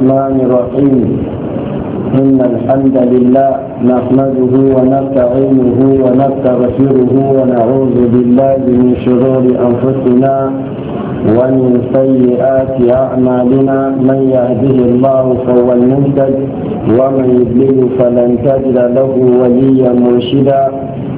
الرحمن الرحيم إن الحمد لله نحمده ونستعينه ونستغفره ونعوذ بالله من شرور أنفسنا ومن سيئات أعمالنا من يهده الله فهو المهتد ومن يضلل فلن تجد له وليا مرشدا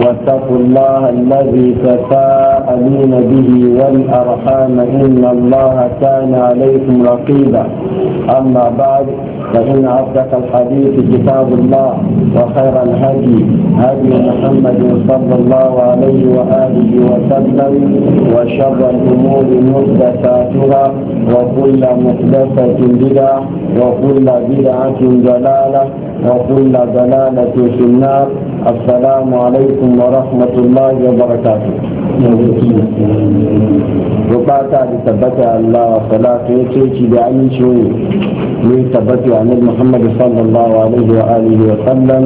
واتقوا الله الذي تساءلون به والأرحام إن الله كان عليكم رقيبا أما بعد فإن أصدق الحديث كتاب الله وخير الهدي هدي محمد صلى الله عليه وآله وسلم وشر الأمور مدساتها وكل مدسة بدعة وكل بدعة ضلالة وكل ضلالة في النار السلام عليكم ورحمة الله وبركاته وبعد ثبت الله صلاة يتيجي بعين شوي لثبت عن محمد صلى الله عليه وآله وسلم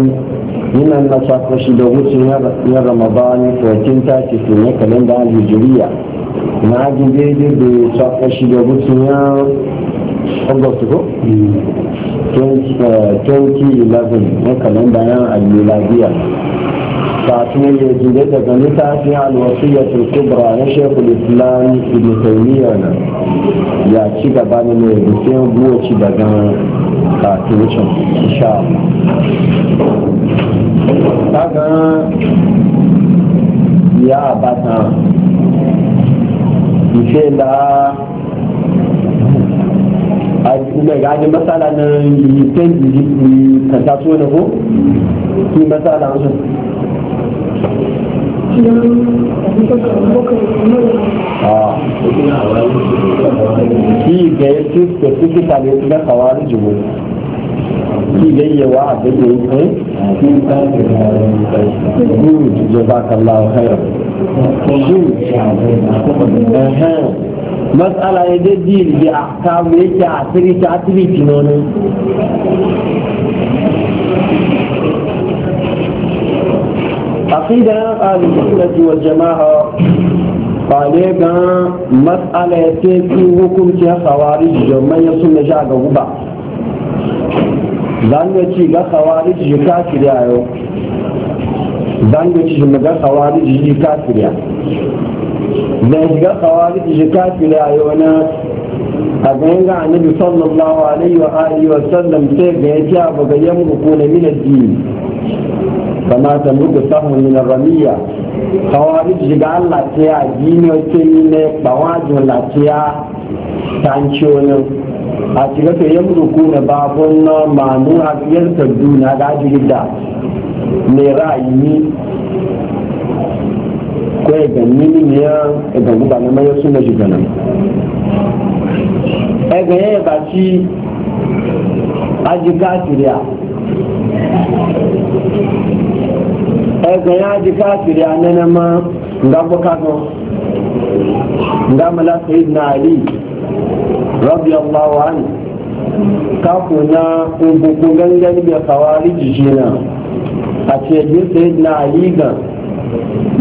من النصف رشد وغسل من رمضان 1430 كالندا الهجرية نعجي بيدي بصف رشد وغسل أغسطس 2011 na kalanda na al-miladiya kafin ya jide daga littafin alwasiyyatul kubra na shekul islam ibn taymiya na ya ci gaba ne mai bikin buwaci daga kafin sha kaga ya abata ife da mai gajin matsala na yitin ka taso da ko ki matsala wasu ki ga ya ci specifica ne na kawar jiwo ki ga wa a da yi kai ki ta ga ne jazakallahu khairan shi مسألة ya da deal da ahkamu yake a asiriti asiriti nono عقيدة أهل السنة والجماعة قالوا كان مسألة تيكي وكم تيها خوارج جمع يسمى جاء غبا زانو تي خوارج جكا كريا يو زانو تي خوارج جكا كريا zai shiga kawai shi kafira a yana a ganin ga annabi sallallahu alaihi wa alihi wa sallam sai ga ya ci ba ga yamma ko na min addini kama ta muku sahu min ramiya kawai shi ga Allah ta ya addini wacce ni ne bawajin lafiya ci ne a shiga ta yan ruku na babun na manu a yan sadduna ga da mai ra'ayi ko ya e ganni ya e ga guba na mai suna shi ganan ai e ga ya ba ci aji kafiriya ai ga ya aji kafiriya na na ma ga buka ko ga mala sayyidina ali radiyallahu anhu kafu na ugugu gangan da kawari jijina a ce bin sayyidina ali gan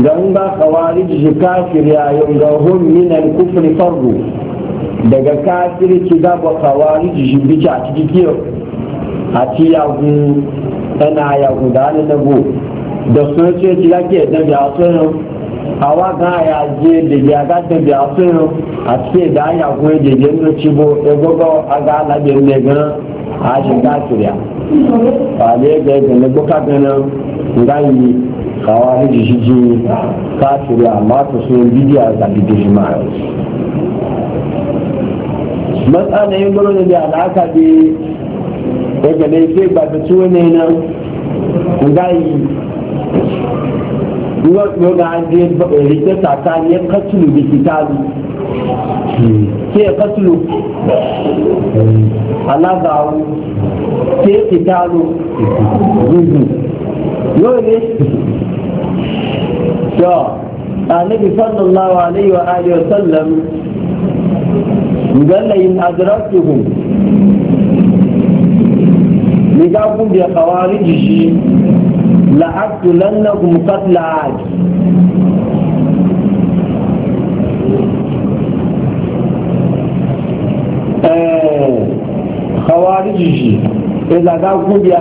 don ba kawarij shi kafir yayin ga hun minal kufri daga kafir ki ga ba kawarij shi bici a ciki kiyo a ci yagu tana da hannun dabo da sun ce ki ga ke da biya sun awa ga ya je da ya ga da biya sun a ce da yagu da yin ci bo a ga alabin ne gan a shi kafir ya ba ne ga gane buka ganin ngayi kawai da kafiri amma ta so yin bidiya ga matsala yin gwamnati da alaka da daga na ke ba ta ciwo ne nan ngayi yau ga an je rike tsakaniyar katulu da kitabu ke katulu alazawu ke kitabu dole to annabi sallallahu alaihi wa alihi wa sallam galla in adraktuhum diga kun bi khawarij shi la'aqtulannakum qatla 'ad khawarij shi إذا قال قديا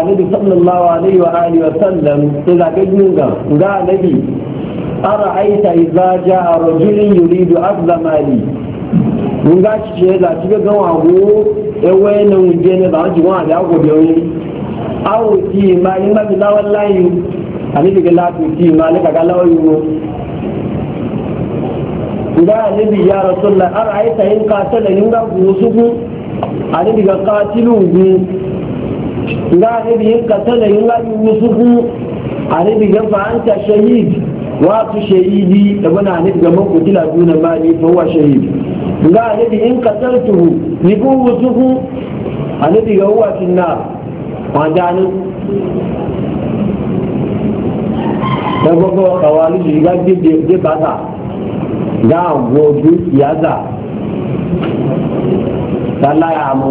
النبي صلى الله عليه وآله وسلم إذا قد قال نبي أرأيت إذا جاء رجل يريد أفضل مالي mun ga ce da ga go wuje ne ba ji wa da go ti ma bi ani la ti ma le ka ga lawan nabi ya rasulullah ara aita in nga ne bi ka tana yin la yin musuku ane bi gafa an ta shahid wa tu shahidi da bana ne ga man kutila duna mali fa huwa shahid nga ne bi in qataltuhu ni ku musuku ane ga huwa finna wa da gogo kawali ji ga gidi de bata ga wo du yaza Allah ya mu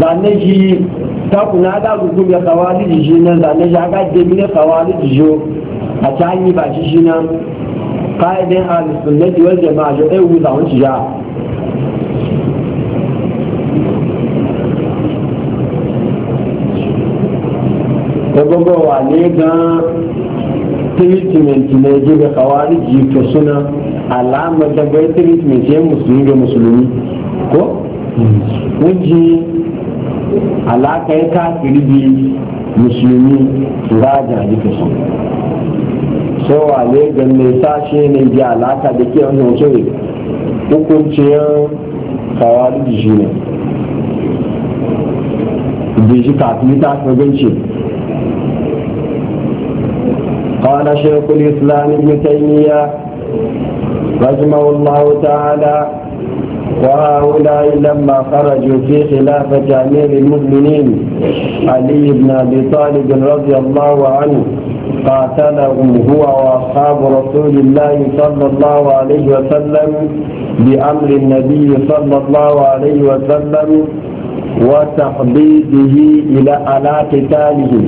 zane shi ta kuna da gugu ya kawali da shi nan zane shi aka jami na kawali da shi a ta yi ba shi shi nan ka'idin al-sunnati wal jama'a shi ɗaya e wuza wani ya e gbogbo wa ne gan treatment na ji ga kawari ji to suna alamar da bai treatment ya musulmi ga musulmi ko hmm. wajen alaka ya kafiri bi musulmi ga jaji ka su so a ne ga mai sashe ne bi alaka da ke wani hoto ne hukunciyar kawari da shi ne da shi kafin ta kaganci قال شيخ الإسلام ابن تيمية رحمه الله تعالى وهؤلاء لما خرجوا في خلافة أمير المؤمنين علي بن أبي طالب رضي الله عنه قاتلهم هو وأصحاب رسول الله صلى الله عليه وسلم بأمر النبي صلى الله عليه وسلم وتحضيضه إلى على قتالهم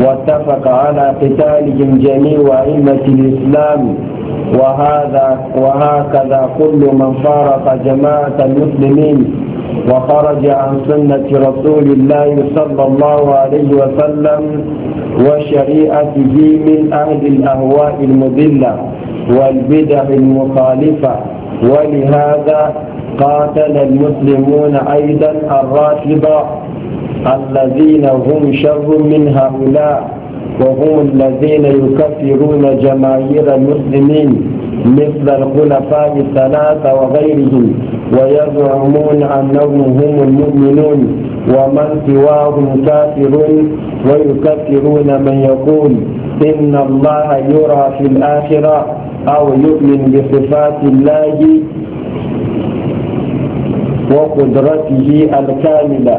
واتفق على قتالهم جميع أئمة الإسلام وهذا وهكذا كل من فارق جماعة المسلمين وخرج عن سنة رسول الله صلى الله عليه وسلم وشريعته من أهل الأهواء المضلة والبدع المخالفة ولهذا قاتل المسلمون أيضا الراتبة الذين هم شر من هؤلاء وهم الذين يكفرون جماهير المسلمين مثل الخلفاء الثلاثة وغيرهم ويزعمون أنهم هم المؤمنون ومن سواهم كافر ويكفرون من يقول إن الله يرى في الآخرة أو يؤمن بصفات الله وقدرته الكاملة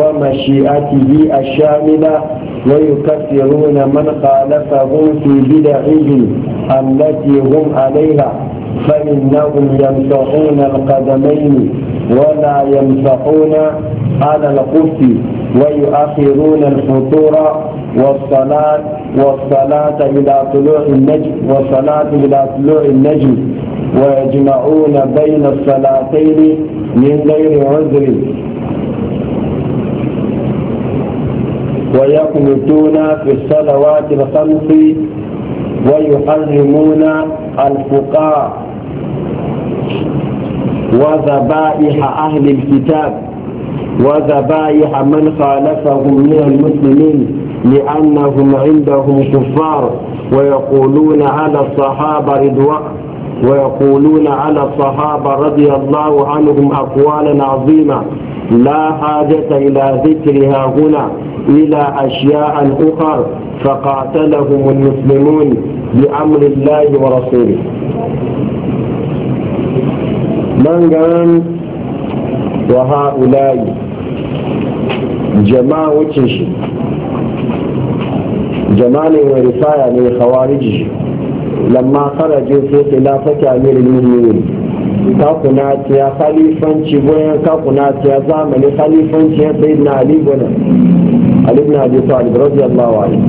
ومشيئته الشاملة ويكفرون من خالفهم في بدعهم التي هم عليها فإنهم يمسحون القدمين ولا يمسحون على القف ويؤخرون الفطور والصلاة والصلاة إلى طلوع النجم والصلاة إلى طلوع النجم ويجمعون بين الصلاتين من غير عذر ويقنطون في الصلوات الخمس ويحرمون الفقاء وذبائح أهل الكتاب وذبائح من خالفهم من المسلمين لأنهم عندهم كفار ويقولون على الصحابة رضوان ويقولون على الصحابة رضي الله عنهم أقوالا عظيمة لا حاجة إلى ذكرها هنا إلى أشياء أخر فقاتلهم المسلمون بأمر الله ورسوله من قال وهؤلاء جماعة وتشي جمال ورفاية من خوارج لما خرجوا في خلافة أمير المؤمنين kakuna tiya khalifanci goyon kakuna tiya zamani khalifanci ya sayi na ali gona ali na abi talib radiyallahu anhu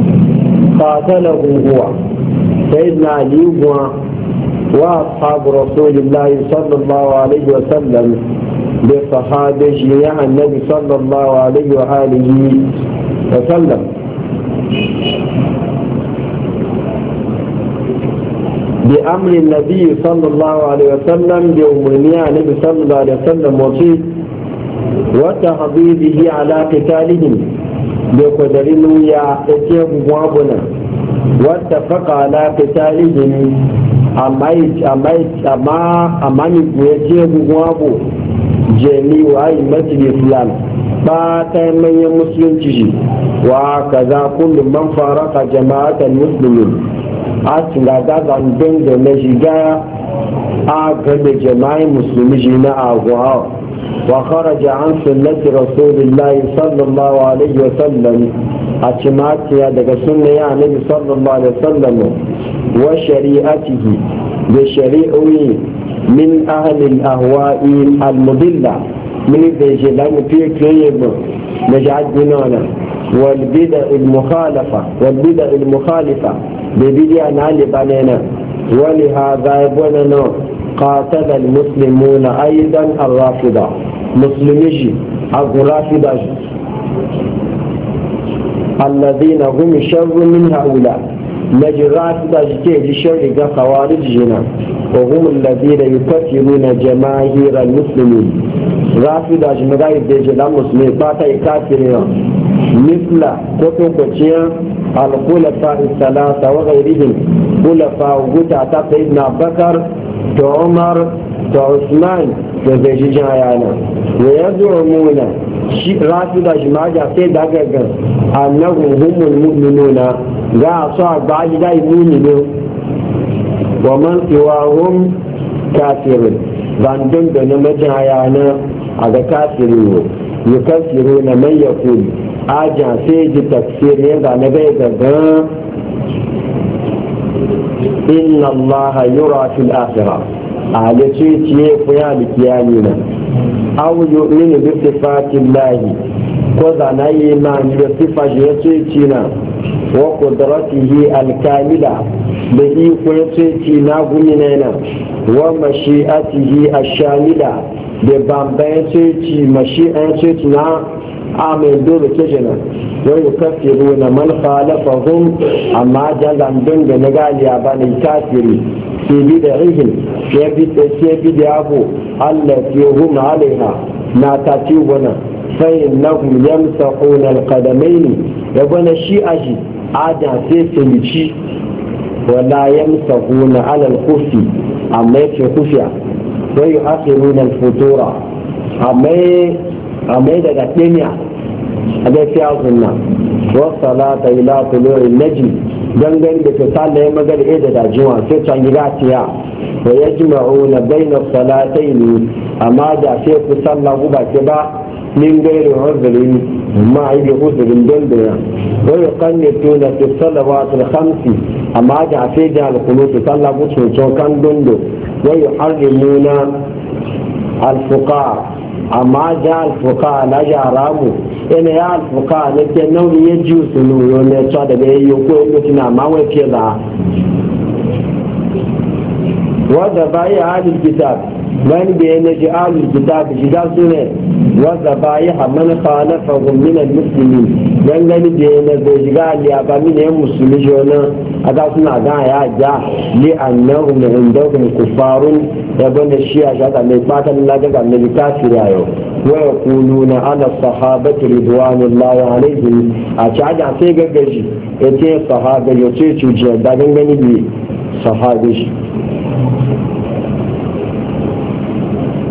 qatalahu huwa sayi na ali gona wa ashabu rasulillahi sallallahu alaihi wa sallam bi sahabihi ya annabi sallallahu alaihi wa alihi wa sallam بأمر النبي صلى الله عليه وسلم بأمرنا النبي صلى الله عليه وسلم وصي وتحضيضه على قتالهم بقدرين يا أتيه بوابنا واتفق على قتالهم أما أما يتيه بوابو جميع أي أئمة الإسلام باتا من المسلم تجي وكذا كل من فارق جماعة المسلمين a tuna gaza don da na shiga a gada jama'in musulmi shi na agwa wa kharaja an sunnati rasulillahi sallallahu alaihi wa sallam a cimatiya daga sunna ya annabi sallallahu alaihi wa sallam wa shari'atihi da shari'o'i min ahlil ahwa'i al-mudilla من الجلان في كريم نجعل بنانا والبدع المخالفة والبدع المخالفة ببيدي أن علي بانينا ولهذا يبوننا قاتل المسلمون أيضا الرافضة مسلميجي أو رافضة الذين هم شر من هؤلاء نجي رافضة جتي لشر خوارج جنا وهم الذين يقتلون جماهير المسلمين رافضة جمعي بجلال مسلمين باتا يقاتلون misla ko to kwaciya al-khulafa salasa wa ghairihim khulafa guta ta sayyidina bakar da umar da usman da zai ji jayana wa shi rasu da shi maja sai dagagan annahum humul mu'minuna za a so a ba shi da mu'minu wa man siwahum kafirun zandun da na majaya na a ga kafirin yukafiruna man yaqulu a sai ji tafsiri ya ga na bai gaga inna Allah yura fil akhirah ale ce ce ku ya likiyani na aw yu'minu bi sifati Allah ko da na yi ma ni da sifa shi ya ce ci na wa qudratihi al-kamila da iko ya ce ci na gumi na yana wa mashi'atihi ash-shamila da bambaye ce ci mashi'an ce ci na amin dole ke jina wa yi kafiru na man khalafahum amma jalan don da na gali a bane kafiri fi bi da rihin ke bi da abu allah fi huma alaiha na ta ci wana sai na hum yamsa hunar kadamai ne da gwana shi aji Aja sai filici wala yamsa hunar alal kufi amma ya ce kufiya wa yi hasiru na futura amma amma daga ɗanya a ga fiya sunna wa salata ila tulu'i najm Gangan da ta sallaya magana eh da dajuwa sai ta gida tiya wa bai yajma'una bayna salatayn amma da sai ku sallah ku ba ke ba min gairin hazirin ma yi hazirin don ya. wani kanne tuna fi su hamsi amma da a fi da alkunu su sallah ku kan dondo wani harrimuna alfuqa amma ja alfuka na yara mu ina ya alfuka na ke nauyi ya ji su nuyo ne tsa daga ya yi ko ya mutu na ma wai ke da wadda bayan halin kitab من بين جعال الكتاب شجاع سنة وذبائح من خالفهم من المسلمين من بين جعال اليابا من المسلمين جونا هذا سنة دعا يا لأنهم عندهم كفار يبون الشيعة جاءت من باتا من لجاءت من الكافر يو ويقولون على الصحابة رضوان الله عليهم أشعد عن سيقا جي يتين صحابة يتين تجي دعا صحابة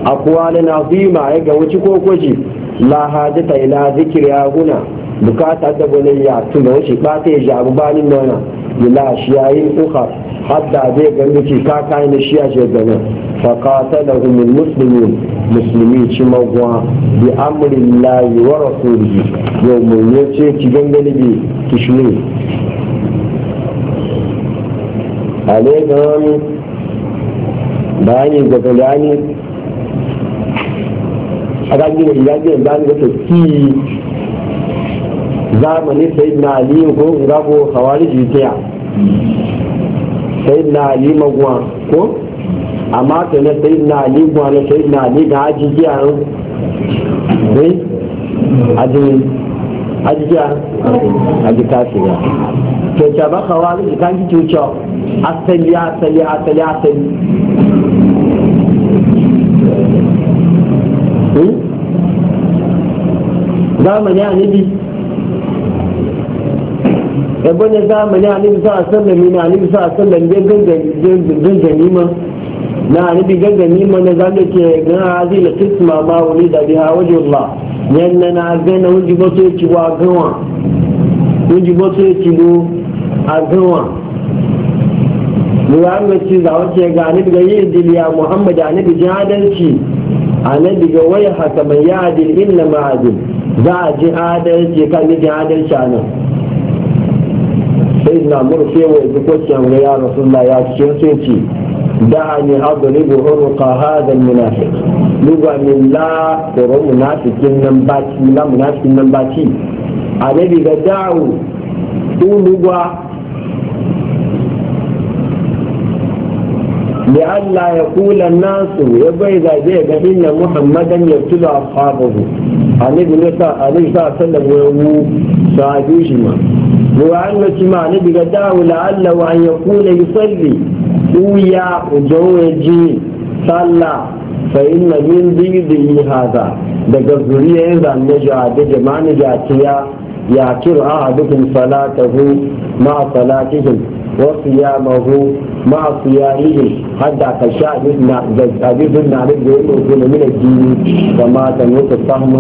aqwalan azima ya ga wuci ko koji la hajata ila zikri huna bukata da bane ya tun da wuce ba ta ya abu banin nona ila shiyayin uka hadda zai gani ce ka kai na shiya ce gana fa qatalahum almuslimun muslimi ci magwa bi amrillahi wa rasulihi yau mun yace ki gangani bi kishni ale ga bayani ga bayani agagire igagire ndani gato ki zamani sai na ali ko ngabo hawari jitiya sai na ali magwa ko amma ta ne sai na ali guwa na sai na ali ga jitiya an dai aji ajiya aji ya ke ta ba hawari kan ki tucho asali asali asali asali zamani annabi yabo ne zamani annabi sa a mi na annabi sa a sallami don ganima na annabi gan ganima na zamu ke gan hazi la kisma ma wani da biha wajen Allah yanna na gan na wunji bato ya ciwa gawa wunji bato ya ciwo a gawa Muhammad ci za wace ga annabi ga yin diliya Muhammad annabi jihadalci annabi ga wai ya mai yadil inna ma'adil za a ji adalci kan yi adalci a nan sai na murfe wa yanzu ko cikin ga rasu na ya cikin sun ce da ne adribu urqa hadha munafi lugwa ne la ko munafiqin nan baci la munafiqin nan baci bi ga da'u lugwa لئلا يقول الناس يبقى إذا جاء بإن محمدا يبتلى أصحابه النبي صلى الله عليه وسلم وهو صحابي وعن وأن جمع النبي قد لعله أن يقول يصلي ويا وجوجي صلى فإن من ذي هذا daga إذا نجا jihadi jama'a jatiya ya kira ahadukum salatahu ma salatihim وصيامه مع صيامه حتى كشاء أبي بن علي يقول من الدين وما تموت الصحن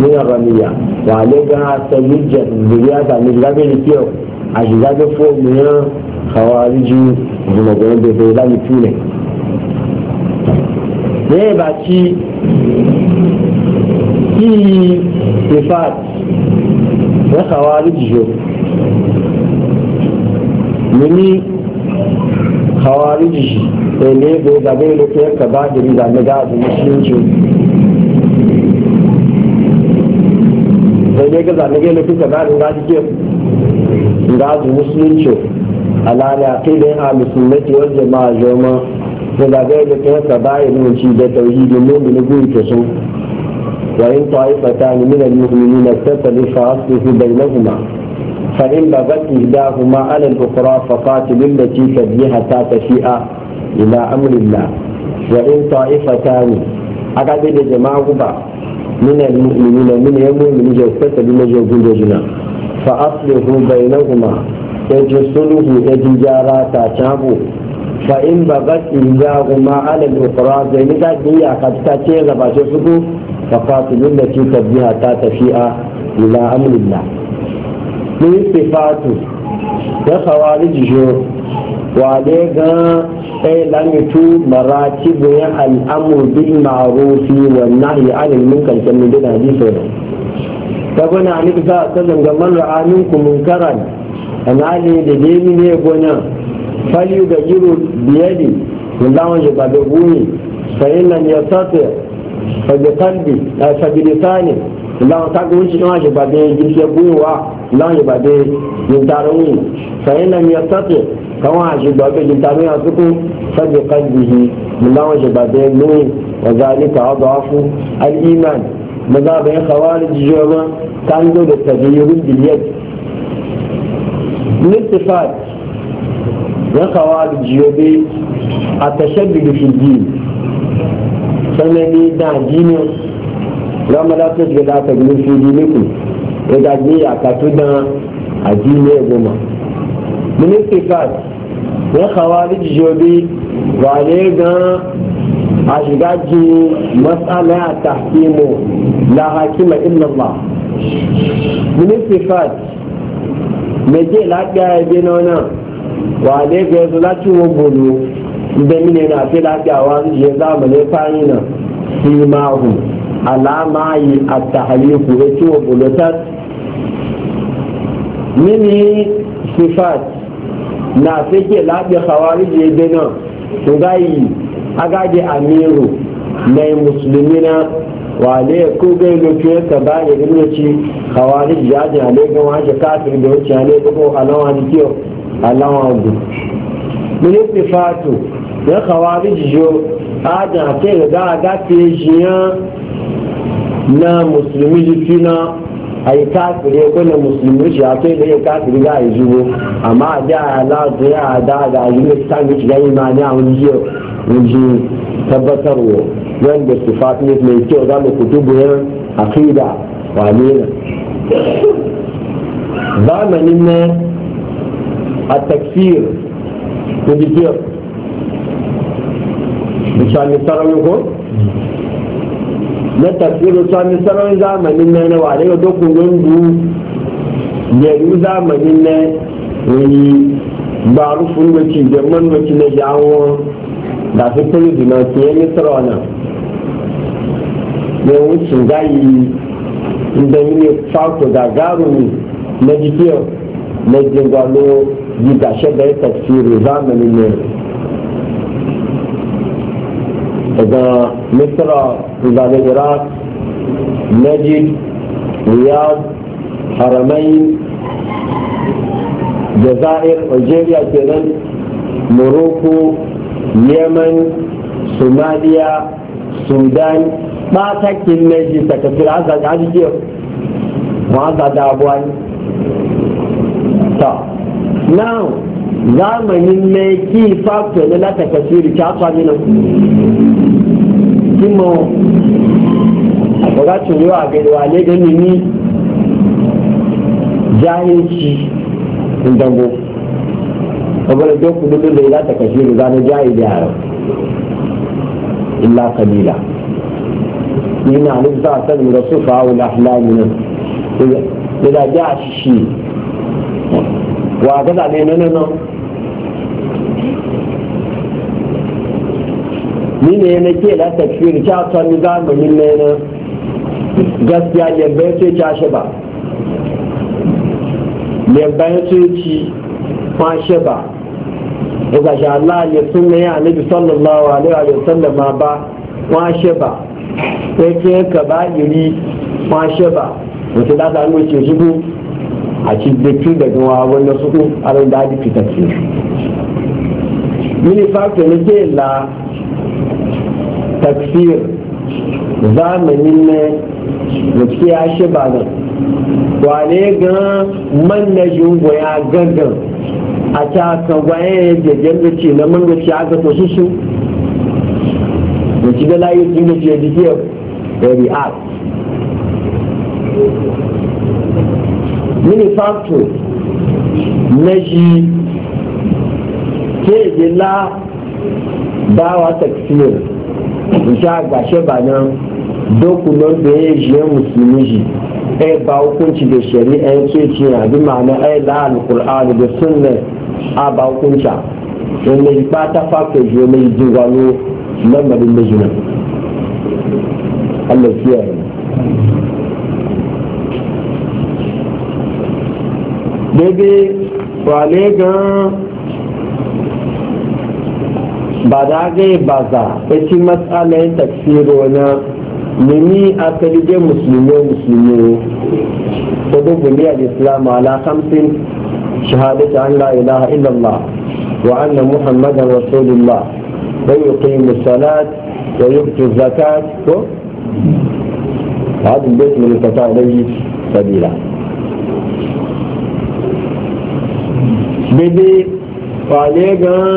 من الرمية وعليها سيجة زيادة من غير كيو أجزاء فوق من خوارجي هم يقولون بفيلان فينا ne ba ci ki ifat na khawarij jo mini khawariji da lebo da bai yanka ba da riga na gazu musulunci da ne gaza na gai loke ka da gazu ke gazu musulunci alali a kai da yin alusunnati wal jama'a joma da da gai loke yanka ba ya nunci da tauhidi na da guri ke so وإن طائفتان من فإن بغت إحداهما على الأخرى فقاتل التي تبيه حتى تشيء إلى أمر الله وإن طائفتان أكاد جماعة من المؤمنين من يؤمن جوفة بما جوفون جنا فأصلحوا بينهما يجسله يججارا تاتابو فإن بغت إحداهما على الأخرى زي هي قد تاتي غباشة فقاتل التي تبيه حتى تشيء إلى أمر الله ní sèfàtù eh, ya sawari jiyo wàlé gan ɗaya lamitu marati buyan al'amur bil ma'rufi wa nahyi anil munkar kamin da hadisi ne ta gona ni ka ta zanga man ra'a minkum munkaran anali da demi ne gona fali ga yiro biyadi wallahi ya ba da guni fa inna yasata fa bi qalbi fa bi láwọn tágbóhùn tí wọ́n àṣèbàdé ìdíṣẹ́ gbóyìnwá láwọn ìbàdé ìntaróhùn sàyìn náà mi ọ̀tọ́tẹ̀ káwọn àṣèbàdé ìntaróhùn àtúkù sọ́jọ́ kájìhì láwọn àṣèbàdé lóyìn ọ̀gá nípa ọgbà ọ̀fù alìmán mazaɓin kawar jiyo ma ta hango da tabiyyarun biliyar nistifat na kawar jiyo a tashabbi da fi sanani da jinin lọ́mọ látọ̀ da aka tẹ̀gbọ́n fi di níkù ya gbé àkàtú dán àjí ilé ẹ̀gbọ́n mọ̀. mínísítì fat wọ́n kà wá lójijì obi wà lé gan àṣìgájú mọ́sálẹ́ àtàkìmọ̀ làhàkìmọ̀ ìlọ́mà. mínísítì fat méjì lágbá ẹgbẹ́ náà náà wà lé gan ẹ̀sọ́ láti wọ́n gbòòlù ìbẹ́mí ni àti lágbá wa lójijì ẹ̀dá àmọ̀lẹ́ fáyín na fi máa hù. alama yi a tahaliku ya ci wa bulutat mini sifat na fike laɓe hawari da ya su gayi agage amiru mai musulmi na wale ko gai lokacin ka ba ne gina ci hawari da ya jina ne gama kafin da wuce ne ko alawa da kyau alawa gu mini sifatu ya hawari jiyo a jina ce da za a gafe shi yan na musulmi jikina a yi kafire ko na musulmi shi a kai da ya kafiri ga a yi zubo amma a da a lazu ya da ga yi ne ta mi a wani jiya wani tabbatarwa wanda su ne mai kyau za mu kutubu yan akida wane na zamanin na a takfir ko jikiyar misali sarari ko na tafsirin sami sanar zamanin na nawa daga dokun gungu yaru zamanin na wani ba rufin doki jaman doki na jawo da su kuri duna ke yi misra wannan ne wucin gayi inda ne fato da garumi na jikiyar na jingwalo gidashe da ya tafsirin zamanin na اذا مصر زاد العراق نجد رياض حرمين جزائر الجزائر كذا موروكو اليمن صوماليا السودان ما تكن نجد تكفي العزاز عزيز وعزاز ابوان طيب zamanin mai ki fakta na lata kasiri ta kwami nan kimo a bukatun yau a gaiwa ne gani ni jahilci dango kamar da ku dubu da lata kasiri za na jahil yara illa kalila ina nufi za a sani rasu fa'awul ahlamin nan إذا جاء shi. wa ga zaɓe na nan ni ne na ke da tafiyar ta sami zamanin na yana gaskiya yabbai ce ta shi ba yabbai ce ci ma shi ba daga shi Allah ya sunna ya annabi sallallahu alaihi wa sallam ba ma shi ba sai ke ka ba iri ma shi ba mutum da ta nuna ce shi àti gbẹtí gbẹgbẹ wọn àwọn ẹni sọkún ara da dáadé fìtà sí mini fáfẹ ne ke la tafsir zamanin ne da ke gaskiya shi ba nan wane gan man na jungo ya gangan a ta ka gwaye da da ce na man ci aka to su su da ci da layi jin da ce da ke react mini factor na shi ke gila bawa taksir sha gashe ba nan dokunan da ya je musulmi shi ai ba hukunci da shari'a ya ce ce na bi ma'ana ai la alkur'ani da sunna a ba hukunca wanda ya ba ta factor shi mai jingwano lamarin da jinan Allah kiyaye دیدی والے گا بارا گئے بازا ایسی مسئلہ ہے تکفیر ہونا نمی آتری جے مسلمیوں مسلمیوں خودو بلی علیہ السلام علا خمسن شہادت عن لا الہ الا اللہ وعن محمد رسول اللہ ويقيم الصلاة ويؤتي الزكاة هذا البيت من التطابق سبيلا bebe wale gan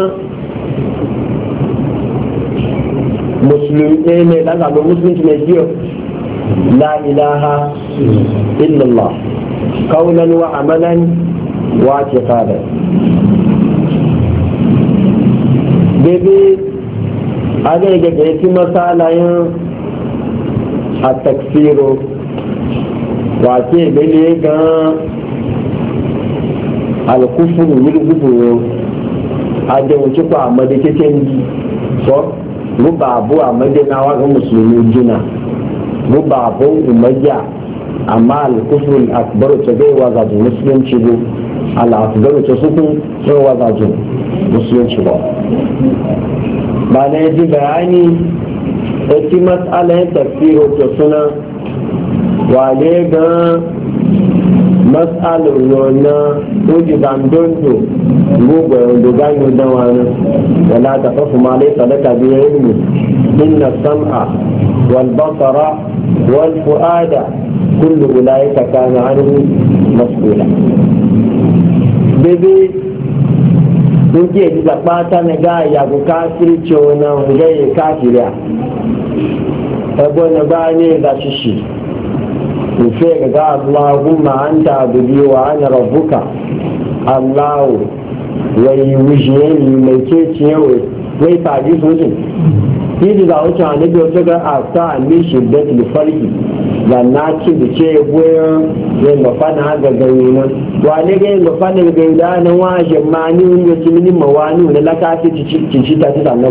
musulmi ɗaya mai lagaga musulunci mai jiyo la ilaha illallah kaunan wa amalan wa ce fadar bebe aga ga ga yake masalayin a takfiro wa ce bebe gan alkufuru yirguburo adewucikwa amadekeken so ruba abu a madinawa ga musulmi jina ruba abu amma alkufuru akbaru ta gai wa zajin musulunci bu al'akbaru ta sukun sai wa zajin musulunci ba ba na yaji bayani ya ci matsalayin tafsiro ta suna wale gan matsalar yana oji dondo, gogo yadda ganyo da nan wala ta fasu ma lai sadaka biya ilmi inna sam'a wal basara wal fu'ada kullu ulaika kana anhu mas'ula bebe Nki eji da kpata na ga yago kafiri cewa na ngaye kafiriya. ebo na ba ne da shishi. sai ga Allahumma anta abudi wa ana rabbuka Allah wai wujiye ni mai ke ciyewe wai faɗi sojin yadda za a wuce a nabi wata ga afta a mishi da tilfarki da na ci da ce goyon yin ga gani nan wa ne ga yin gani da wani mini wani ci ci ta ci ta na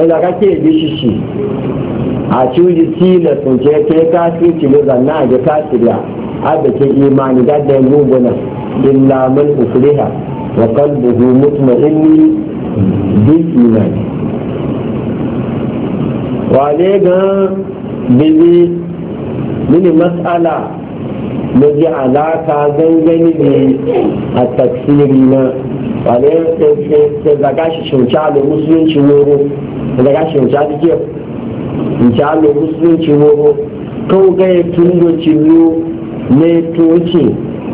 ẹ̀dá kákẹ́ èdè a àti ojú tí ilẹ̀ tún jẹ́ pé káàkiri ti ló zàn náà jẹ́ káàkiri àbẹ̀kẹ́ ìmáni dáadáa ẹ̀gbọ́n gbọ́nà ìlà mẹ́lì òfurufú wọ́kàn bòbò mọ́tìmọ̀ ẹni bí ìmáni. wàlẹ́ gan bíbí mini mas'ala na ji alaka gangani ne a tafsiri na wale ta zaga shi shauci da musulunci wuri da daga shi wuce ake wuce alo musulunci woro kan gaya tun da ciwo ne toce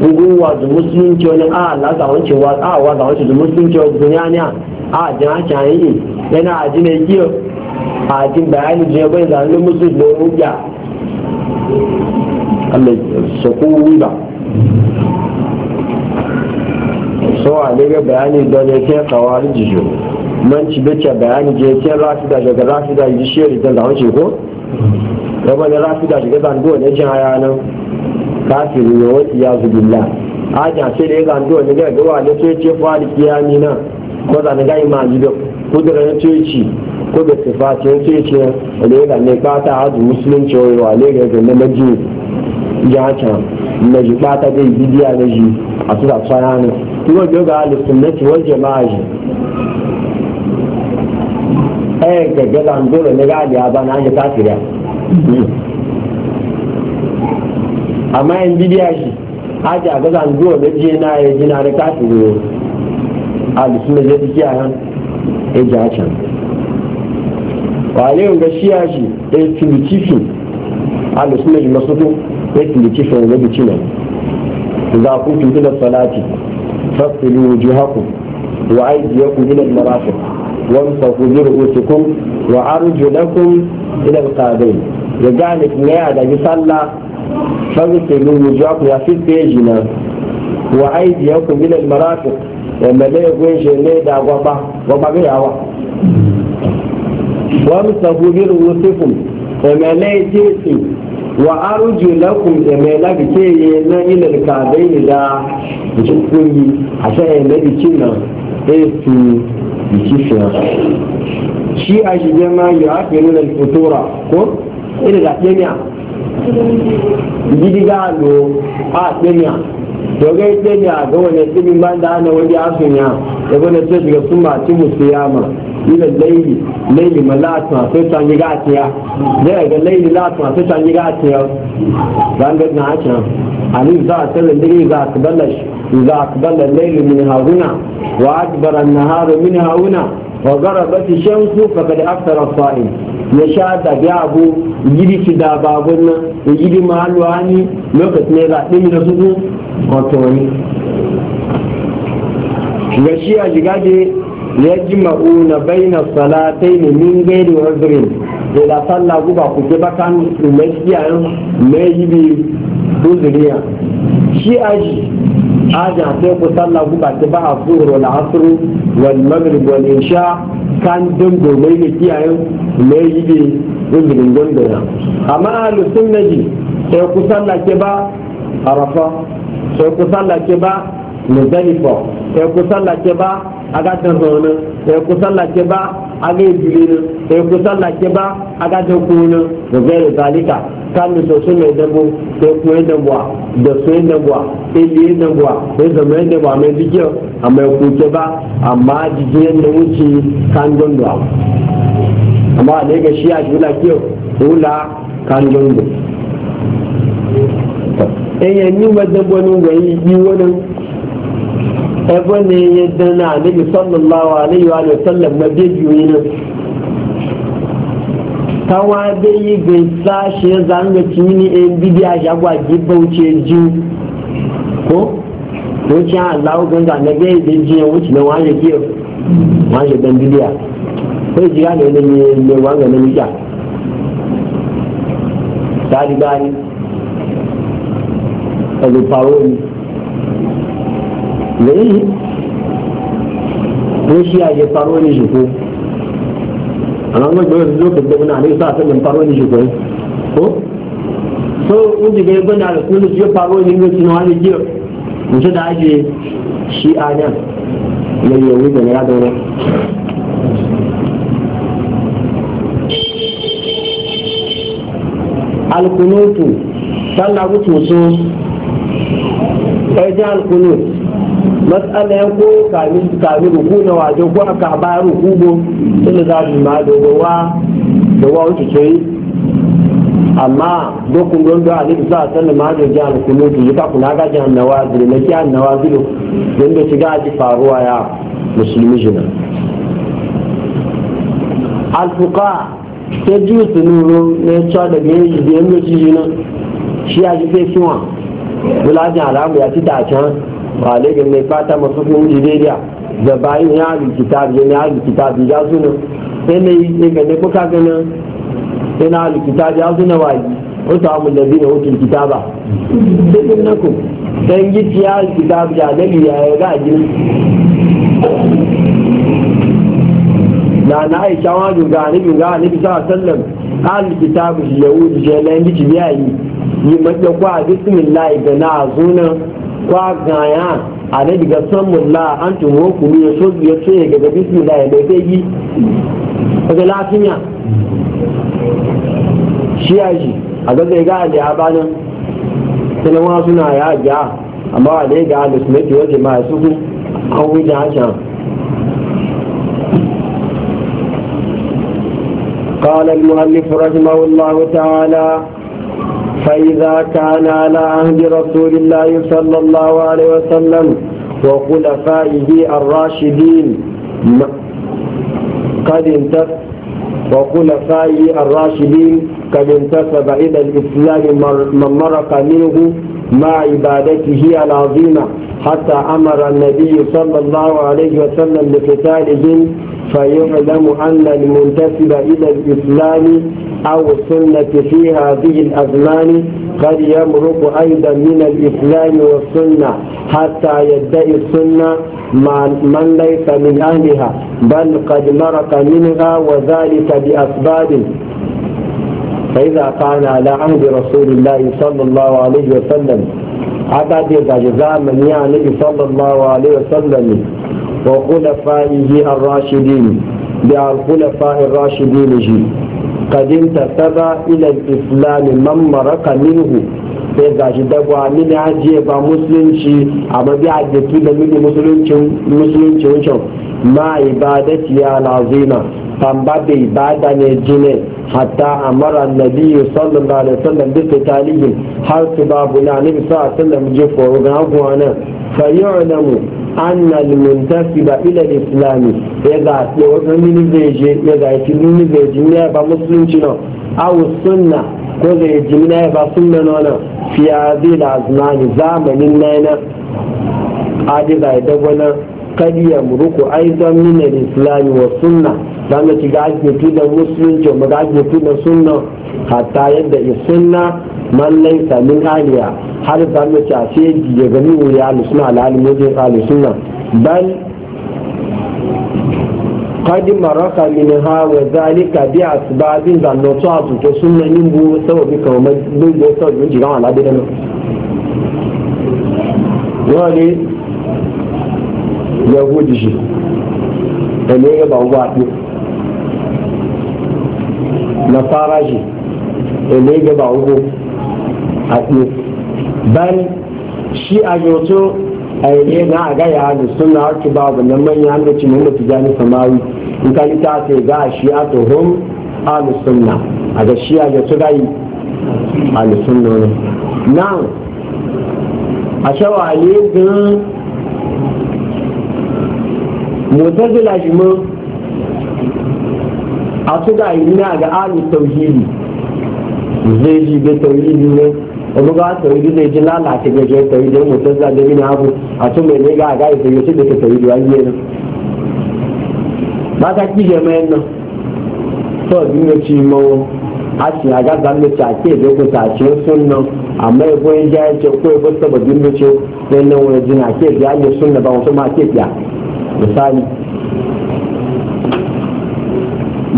ugun wazu musulunci wani a lasa wancin wa a waza wancin da musulunci wa duniya ne a jin haka can yi yana a jina giyo a jin bayani jiya bai zanen musulunci da rubiya Allah sako ba sau a daga bayani don ya ke kawar jiyo man ci bacci bayani je ke rafida daga rafida yi shi riga da wace ko gaba da rafida daga zango ne jin haya nan kafiri ne wani ya la a jan sai da ya zango ne ga gawa da sai ce fari ni nan ko da na ga imaji da kudurar ceci ko da sifati ya ceci da ya zanne kata hazu musulunci wani wale ga gane maji ya can na ji bata zai bidiya na ji a su da tsaya ne kuma ga alisun na ci wajen ma'aji na eh gẹ̀gẹ́ là a dúró ní gáàdì abáná ayé káàkiri à. àmọ́ ẹ̀ ń dídí àṣì ájà àgbẹ̀sà ń dúró méjì náà ẹ̀ jìnnà rẹ̀ káàkiri o alùsùnmẹ̀jẹ̀ ti kí àhán ẹ̀jẹ̀ àṣà. wàhálẹ́ òǹgẹ̀ sí àṣì ẹ̀ tìlù tìfì a mọ́sọ́tò ẹ̀ tìlù za ku lóbi tìlù. salati, كنتم إلى الصلاة فاغسلوا وجوهكم وأيديكم إلى المرافق wanfafu zuru'usukum wa arju lakum ila alqabil ya gani ne ya da misalla fanzu ke ya fi teji na wa aidi ya ku min ya mele ya gwe shi da gwaba gwaba ga yawa wanfafu zuru'usukum ya mele teji wa arju lakum ya mele bi ke yi na ila alqabil da jukuri a sai ya mele cinna shi a shi jama ya haɗe nuna ko ina da ɗanya gidiga lo a ɗanya to ga ɗanya ga wani tsimin banda ana wani asunya da wani sai shiga sun masu musiyama ila laili laili ma latma sai ta yi gatiya da ga laili latma sai ta yi gatiya ban da na a ali za a tsalla da za a shi. za a kabalar lailu mini hauna wa a kabalar na haru mini hauna wa gara ba su shan su kafa da aftar ya sha da biya abu yiri su da babu na da yiri ma ne lokacin ya zaɗi mini ga shi a jiga da ya ji ma'u na bayan salatai ne min gari wa zirin da da salla guba ku ke bakan mai shi mai yi bi ku shi a ji aja sai ku sallah ku ba ba a zuhur wal asr wal maghrib wal isha kan dun domin ne kiyaye me yi be gungun gungun amma ahlus sunnati sai ku sallah ke ba arafa sai ku sallah ke ba muzdalifa sai ku sallah ke ba agadan sai ku sallake ba a ga jiri sai ku sallake ba a ga da kunu ni zai zalika kan so su mai dabo sai ku yi da su yi dabuwa sai su yi a mai kuke ba amma jikin da wuce kan dondo amma da shi a jula kiyo hula kan dondo in wani wani ebe ne ya dana nabi sallallahu alaihi wa sallam na biyu yi nan tawa dai yi bai sashi ya zanga cini in a ya gwaji bauce ji ko wuce Allah ganga na bai da ji ya wuce na wani ke wani dan bidiya sai ji ya ne ne wanga na mija ta riga ni a zufawo ni lèyí ní ṣí àyè parọ́ ní ṣùkú àwọn ọmọ ìgbẹ́ òṣìṣẹ́ òkè gbẹ́gbẹ́ náà àdéhùn sáà sẹ́lẹ̀ parọ́ ní ṣùkú ó so ó ti gbé gbẹ́ náà lọ́sùn lóṣù parọ́ ní ìgbẹ́ tí wọ́n á lè jẹ́ òṣù dájú ṣí àyà lẹ́yìn òwe ìgbẹ̀lẹ́ yàtọ̀ alkunutu sallah wutu so ẹja alkunutu matsala ya ko kami kami ruku na waje ko aka ba ruku bo za su ma da wa da wa wuce ce amma dokun don da za a ma da jihar kunuti ya kafu na ga jihar na jihar don da shiga faruwa ya musulmi jina alfuka ta ji su nuro na ya daga da jina a ji fesuwa alamu ya ci ta can ɗalibin mai fata masu fi wuce da bayan ya haɗu kitabi ya haɗu kitabi ya suna yanayi ne ga ne kaka ganin yana haɗu kitabi ya suna wayi wasu amu da zina wucin kitaba cikin na ku don gici ya haɗu kitabi ya nabi ya yi gajin na na aisha wajen ga nabi ga nabi sa sallam haɗu kitabi shi yahudi shi ya langici ya yi yi maɗa kwa bismillah ga na a sunan kwa gaya a na diga san la an tun hukuru ya so ya so ya gaba da ya bai sai yi daga lafiya shi ya ji a ga zai ga ali abanan sai wa suna ya ja amma a dai ga ali sunan ki wajen ma su an wuce hakan قال المؤلف رحمه الله تعالى فإذا كان على عهد رسول الله صلى الله عليه وسلم وخلفائه الراشدين قد انتهى وخلفائه الراشدين قد انتسب إلى الإسلام من مرق منه مع عبادته العظيمة حتى أمر النبي صلى الله عليه وسلم بقتالهم فيعلم أن المنتسب إلى الإسلام أو السنة في هذه الأزمان قد يمرق أيضا من الإسلام والسنة حتى يدعي السنة من ليس من أهلها بل قد مرق منها وذلك بأسباب فإذا كان على عهد رسول الله صلى الله عليه وسلم عدد الأجزاء من يعني صلى الله عليه وسلم وخلفائه الراشدين بالخلفاء الراشدين جي قد انتسب إلى الإسلام من مرق منه sai ga shi dagwa mini ajiye ba musulunci a mabi da mini musulunci wancan ma ibadati ya lazima amma bai bada ne jini hatta amara nabi sallallahu alaihi wasallam bi qitalihi har su babu na nabi a alaihi wasallam je ko ga gwana fa yu'lamu anna al-muntasiba ila al-islam ya ga to wani ne zai je ya a shi ne zai je ya ba musulunci no aw sunna ko zai ji ne ya ba sunna no na fi hadhihi al-azmani zamanin nana adi da dagwana kadi ya muruku aizan min al-islam wa sunna zama ci ga ake tunan musulunci mu ga ake tunan sunna hatta yadda isunna man laisa min aliya har zama ci a sai ya gani wuya alusuna al'alimin alusuna bal maraka ha wa zalika bi da su قد مرق منها وذلك بأسباب ظنوتها تسنى نمو سوى da ومن سوى بك على بدنا ne ya يعني يبقى واحد Na fara shi ele ga ba ugo a ɗi ban shi a yoto a yi na a gaya da suna harki ba ga nan manya an cin cimin ta tijani samawi in ka ta sai ga shi a tuhum a sunna a ga shi a yoto gayi a sunna ne nan a shawali gan mutazila shi mun a su da yi na ga alu tauhidi zai ji da tauhidi ne wani ga tauhidi zai ji lalata ga jai tauhidi ne mutum za da mini abu a su mai ne ga ga yi tauhidi da ta tauhidi wani yi nan ba ta ki kije mai nan to bi ne ci mawo a ci a ga zan ci a ke da ku ta sace sun nan amma ya goyi jaya ce ko ya bar sababbin mace sai nan wani jina ke biya ne sun ba wasu ma ke biya misali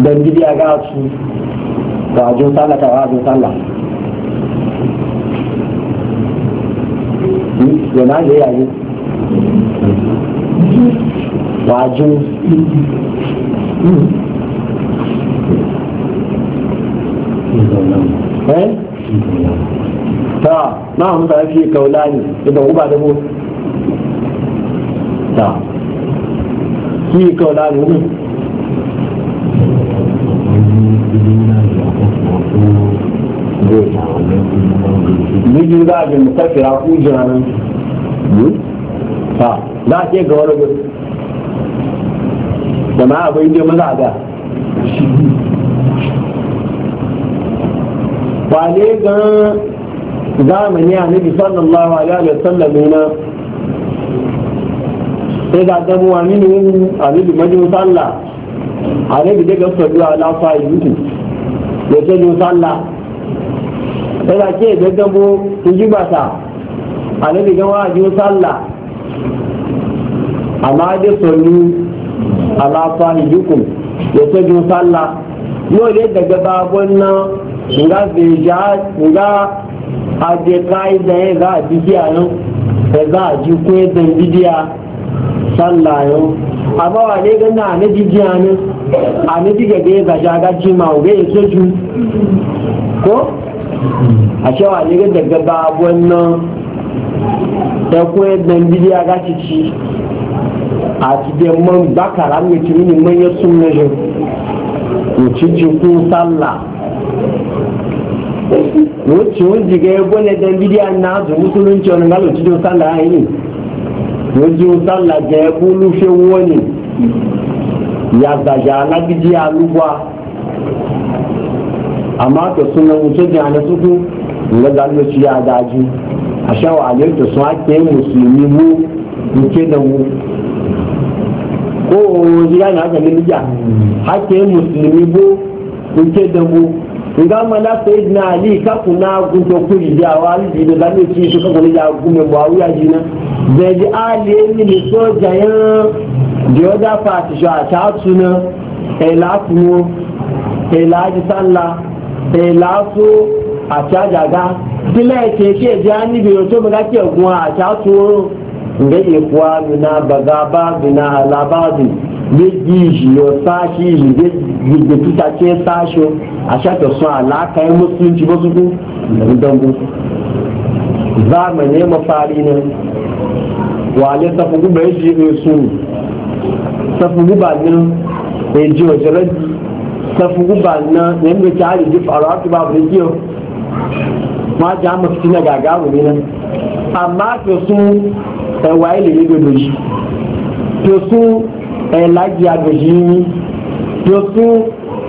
don bidiya ga su ga sallah ta sallah yana da yayi ta na kaula ne uba da ta kaula ne Mijin za a bin mutafira kujira nan. Ha, hmm? za a ce ga wani gudu. Da ma abin je maza ga. Kwale gan zamani a nabi sallallahu alaihi wa sallam na sai ga damuwa mini abin da majin sallah ke dẹ́gẹ̀ sọ̀dọ̀ aláfa ìlúkù lọ́sẹ̀ ní sálà ẹ̀rọ àti ẹ̀dẹ́gẹ́ bó ji bàtà àrẹ́bì gan wá àjọ sálà àmọ́ adé sọ̀lú aláfa ìlúkù lọ́sẹ̀ ní sálà yóò lé dẹ̀gẹ́ bá bọ́ ná nga zèjà nga àjẹká ẹ̀dẹ́ ẹ̀dá àjíjí àná ẹ̀dá àjíkú sallah yau. sálà yó àbáwá lé gánà àná jíjí nan. àníbí gẹ̀gẹ́ ìgbàjá agájí ma ò gẹ́yẹ sójú kó àṣẹwà ní gẹ́gẹ́ gẹ́gẹ́ abọ́ ẹ̀nà ẹkún ẹgbẹ́ ìbílí agájíjì àti bí ẹmọ gbàkàrà mẹ́tì ní mẹ́yẹ súnmẹ́yẹ òtítì kú sálà wòtí ó jìgẹ́ ẹgbẹ́ ẹgbẹ́ ìbílí àná àdùn mùsùlùmí ọ̀nà gálò òtítì sálà yìí wòtí ó sálà jẹ́ ẹgbẹ́ olúfẹ́ wọ́ọ̀nì yàgbàjà alágídí alúgbà àmọ́ àtọ̀sùn náà wùtó di àná tó kú ńlọ́dà ló ti yá dájú àṣàwọ̀ àlẹ́ ìtọ̀sùn àti mùsùlùmí mú da mu ko wani ya yíyá náà tẹ̀lé níjà àti mùsùlùmí mu nké náà wù nga mala na ali ka kuna gunto kuri da wali ji da zamu ci su ka kuna ya gume muawiya jina da ji ali ni soja yan geographer ti ṣọ àṣà àtúná ẹ̀là kúrò ẹ̀là ajísánlá ẹ̀là tó àṣà àjàgá sílẹ̀ ṣe kí ẹ̀jẹ̀ á níbi tó mọ̀ láti ẹ̀gùn àṣà àtúnrò ǹgẹ́ ìkúwa bìnà bàgàbà bìnà alábàbì méjì ìṣìyọ sáàṣì ìṣìyẹ gbègbè títà tí ẹ sáàṣọ àṣà tẹ̀sán àlàákà ẹ̀ mọ́sí ti bọ́ sókú ìdánwò záàmù ẹ̀ ní ẹ̀ mọ́ parí ni wà á lẹ́sàkó gbogbo ẹ̀ ṣe é sun. safu guba nan mai ji wajen rabi safu guba ne yan da ta hali jifa a rafi babu da kiyo ma ji hama fitina gagaru ne nan amma to su eh, waye ni da doji to su eh, lagiya doji ni to su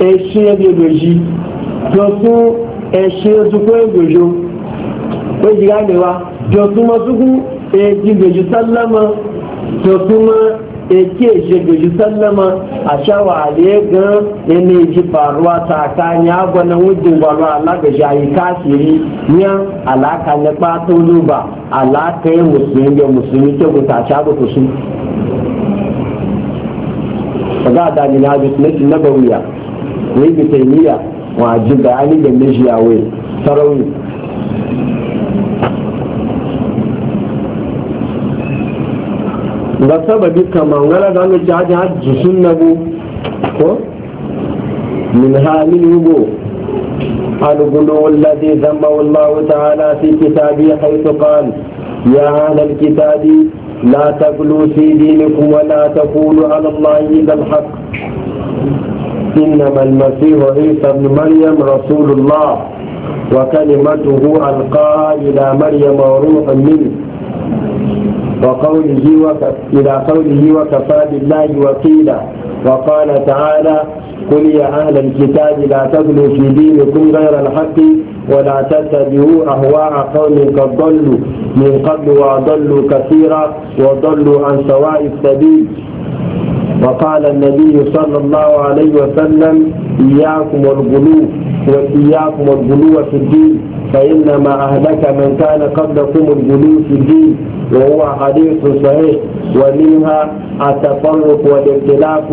eshi eh, ya da doji to su eshi ya su koyi dojo ko ji ganewa to su ma masu ku eji doji sallama to su ma eke shagaji sallama a shawa ga yana ji faruwa tsakani agwanan wujin gwano alaka shayi kashiri ya alaka na ɓato zuba alaka ya musulmi ga musulmi ke guta sha gutu su ba za a dami na hajji sunaki na bawiya ne bi taimiya wa ji bayani da mishiya wai sarauni ga sababi kamar gara da jaji hajji sun nabu ko min halin yugo الغلو الذي ذمه الله تعالى في كتابه حيث قال يا أهل الكتاب لا تغلوا في دينكم ولا تقولوا على الله إلا الحق إنما المسيح عيسى ابن مريم رسول الله وكلمته ألقاها إلى مريم وروح منه وقوله وكف إلى قوله وكفى بالله وكيلا وقال تعالى قل يا أهل الكتاب لا تغلوا في دينكم غير الحق ولا تتبعوا أهواء قوم قد ضلوا من قبل وأضلوا كثيرا وضلوا عن سواء السبيل وقال النبي صلى الله عليه وسلم إياكم والغلو وإياكم الغلو في الدين فإنما أهلك من كان قبلكم الغلو في الدين وهو حديث صحيح ومنها التفرق والاختلاف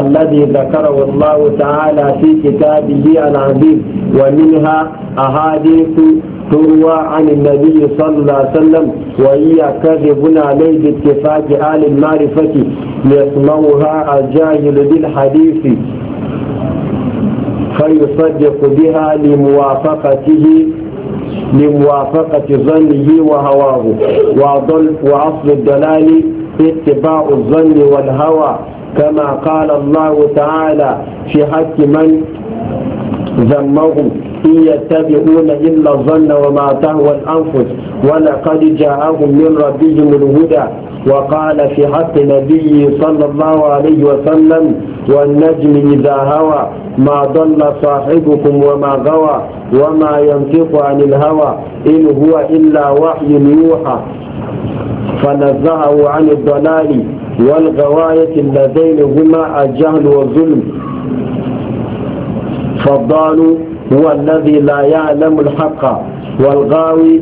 الذي ذكره الله تعالى في كتابه العظيم ومنها أحاديث تروى عن النبي صلى الله عليه وسلم وهي كذب عليه باتفاق أهل المعرفة يسمعها الجاهل بالحديث فيصدق بها لموافقته لموافقة ظنه وهواه وأضل وأصل الدلال اتباع الظن والهوى كما قال الله تعالى في حق من ذمهم إن يتبعون إلا الظن وما تهوى الأنفس ولقد جاءهم من ربهم الهدى وقال في حق نبيه صلى الله عليه وسلم والنجم إذا هوى ما ضل صاحبكم وما غوى وما ينطق عن الهوى إن هو إلا وحي يوحى فنزهه عن الضلال والغواية اللذين هما الجهل والظلم فالضال هو الذي لا يعلم الحق والغاوي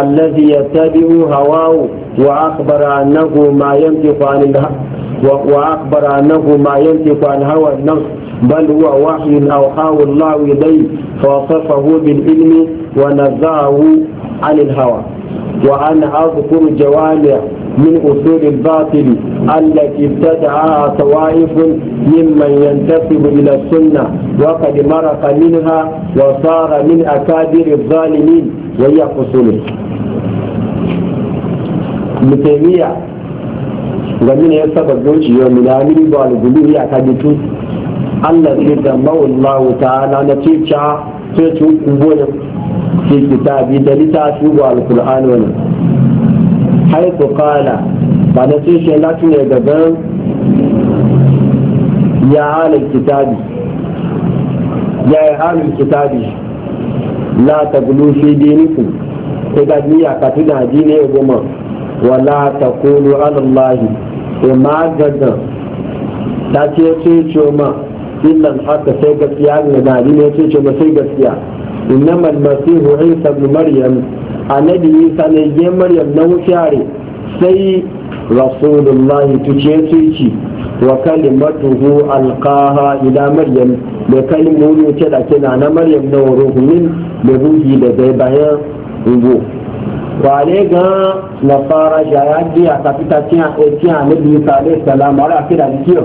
الذي يتبع هواه وأخبر أنه ما ينطق عن وأخبر أنه ما ينطق عن هوى النفس بل هو وحي أوحاه الله إليه فوصفه بالعلم ونزعه عن الهوى وأن أذكر جوامع من أصول الباطل التي ابتدعها طوائف ممن ينتسب إلى السنة وقد مرق منها وصار من أكابر الظالمين وهي أصوله mutemiya ga mina ya saba doci yau mina mini ba algulu ya ka bitu Allah zai da mawallahu wuta na ceca sai ci ke kita kitabi da su ba alkul'ani wani haiku kala ba na sai shi lati ne gaban ya halin kitabi ya yi halin kitabi la ta gulu fi diniku ta gajiya ka tuna dini ya goma wala ta kulu alallahi e magagan ta ce ce ce ma illan haka sai gaskiya ne na ne ce ce ma sai gaskiya innama almasihu isa ibn maryam anabi isa ne je maryam na wuciyare sai rasulullahi tuce ci wa kalimatuhu alqaha ila maryam da kalmomi ce da kina na maryam na ruhu min da ruhi da zai bayan ruhu wale ga nasara jayadi a kafita cin a nabi isa alayhi salam wala fi da kiyo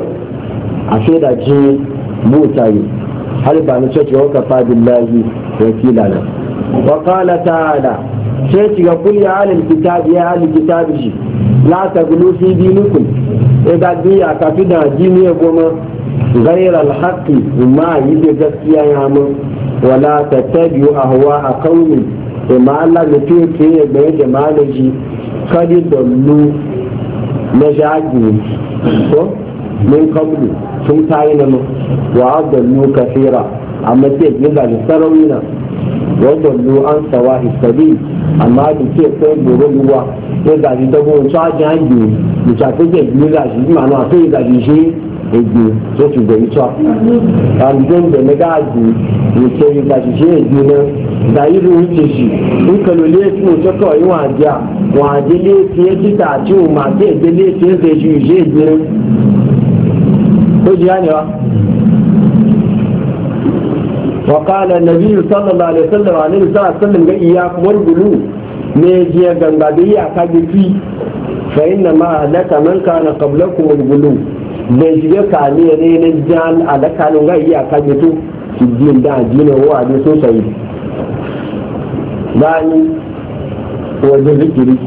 a fi da je mutane har ba na cewa wa kafa billahi wakila na wa qala ta'ala sai ci ga kulli alil kitabi ya alil kitabi shi la taglu fi dinikum e da biya kafi da jini goma غير الحق ما يجي gaskiya ya mun wala tattabi'u ahwa a qaumin ìmáàlá ní tí ó ké ẹgbẹ́ ìjẹ̀má lójì kọ́dídọ̀ ló lọ́jà àgbìn tó ní kọ́bùlù tún táyé nínú wàá dọ̀lú kàfíra àmọ́ tí èdè bá ní sẹ́rọ̀wì náà wọ́n dọ̀lú ansawa ìsọ̀bí àmọ́ àti tí èkó ìgbòho ló wà ní ìgbàdí dọ́gbọ́n tó àjẹ́ àgbìn ìṣàkóso ìgbìmọ̀ ìgbàdí egi tó ti gbẹ̀ ìtọ́ àǹdó ń bẹ̀rẹ̀ gáàgì ìṣe ìgbàṣiṣẹ́ èdè náà ìdáyìlú ń ṣe sí ń kẹlò léèfì òṣèkọ̀ ìwọ̀n à wọn àjẹ léèfì ẹ̀ títà àti òun ẹgbẹ lé léèfì ń ṣe ju ìṣe èdè náà ó di àyẹ̀wò. وقال النبي صلى الله عليه وسلم عليه والسلام من كان قبلكم bai shiga kane ne na jan a dakanin ga iya ka mutu ki din da jina wa da so sai bani wa da zikiri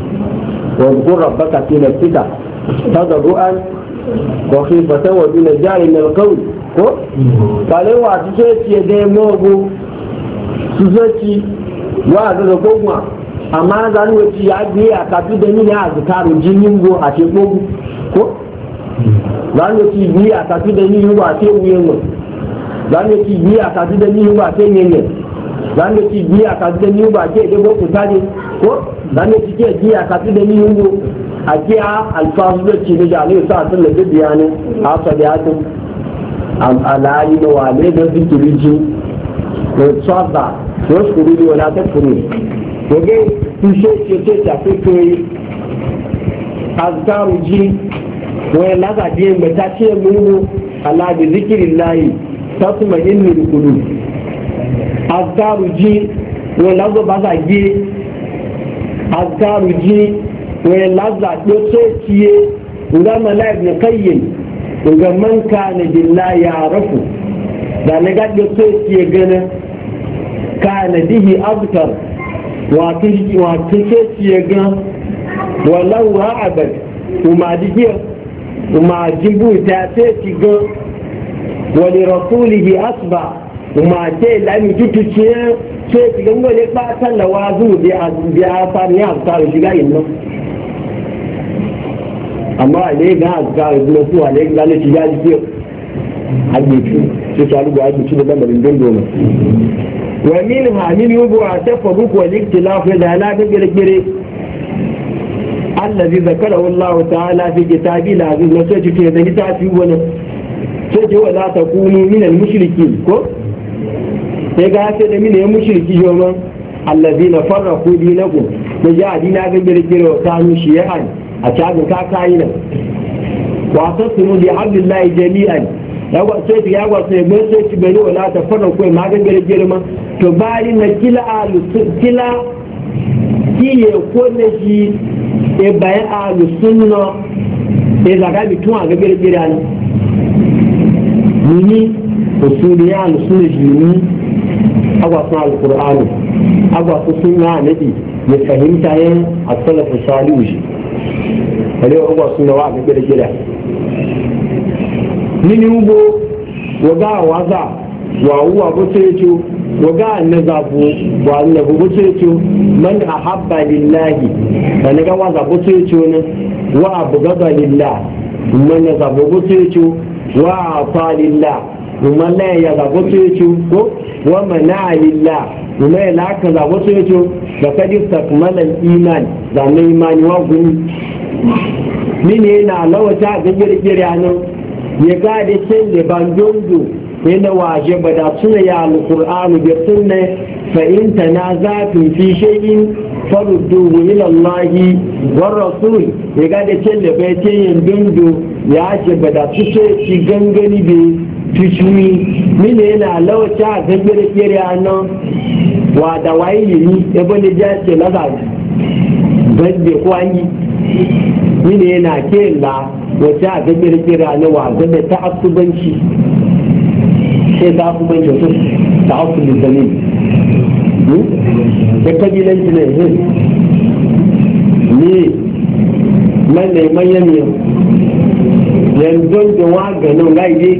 wa qur rabbaka fi nafsika tadruan wa fi bata wa bi najari min alqawl ko kale wa ji ce ci da mogu su ce ci wa da da gogma amma zan wuce ya biya ka bi da ni a zakaru jinin go a ce gogu ko za mu ci yi a tafi da ni ba sai wuyen mu za mu ci yi a tafi da ni ba sai ne za mu ci yi a tafi da ni ba ke da ko kuta ne ko za mu ci ke yi a tafi da ni ko a ke a alfasu da ci da sa sun da ne a sadiyatin al'ali na wale da zikiri ji da tsaba wasu ne wala ta kuri ko ga tushe ce ce ta fi koyi azkaru ji wai laza biyan ba ta ce mu ala bi zikirin layi ta kuma inni rukunu azkaru ji wai laza ba za ge azkaru ji wai laza ɗo ce ciye ga mala'ib na kayyin nga man kana billahi a rafu da na ga ɗo ce ciye gana kana bihi abtar wato ce ciye gana walau ra'abat kuma digiyar ma jibu ta sai ci ga wani rasulihi asba ma ce lami tutu ce sai ci ga wani fatan da wazu bi a fari ya azkaru shiga inna amma ale ga azkaru kuma su a ale ga ne shiga jiki hajjitu sai su alubu hajjitu da lamarin na wa min ha min yubu a bu tafaruku wa liktilafu da halakar gire-gire allazi zakarahu Allah ta'ala fi kitabi la aziz na sai kike da litafi wani sai ke wala ta kunu min al mushrikin ko sai ga sai da min ya mushriki joma allazi na farraqu dinakum da ja adina ga girgiro ta mu shi'an a cikin kakayi nan wa tasmu bi abdillahi jami'an yagwa sai ta yagwa sai mun sai ci bari wala ta farraqu ma ga girgiro ma to bari na kila alu kila kiye ko na shi e bayan a lusunna e zaga bi tun a ga birgiri ana yini usuli ya lusunna jini agwasun alkur'ani agwasun sunna nabi ya fahimta yin asala salihu shi kare agwasun nawa a ga birgiri nini ugbo waga waza wa huwa busaytu wa ga annazabu wa annahu busaytu man ahabba lillahi dan ga wa zabu busaytu ne wa a abu gaba lillah man ya zabu busaytu wa afa lillah kuma la ya zabu busaytu ko wa mana lillah kuma ya la ka zabu busaytu da kadi takmala iman da ne iman wa gumi mine na lawata ga gire gire anan ya ga da sai ban bandongo yana waje ba da tuna ya alƙur'anu bi sunna fa in tanazatu fi shay'in farudduhu ila Allahi wa rasul ya ga da cin bai ce yin dundu ya ce ba da su ce shi gangani bi tushmi mine yana a ga gari gari anan wa da waye ni e bane ja ce laza gadde ko an yi mine yana la wata ga gari gere anan wa ga ta asubanci sai ta kuma mai su ta hau kudin zane hmm? da kabilanci ne hin hmm. ni mai mai manyan yanzu da wa ganin ga yi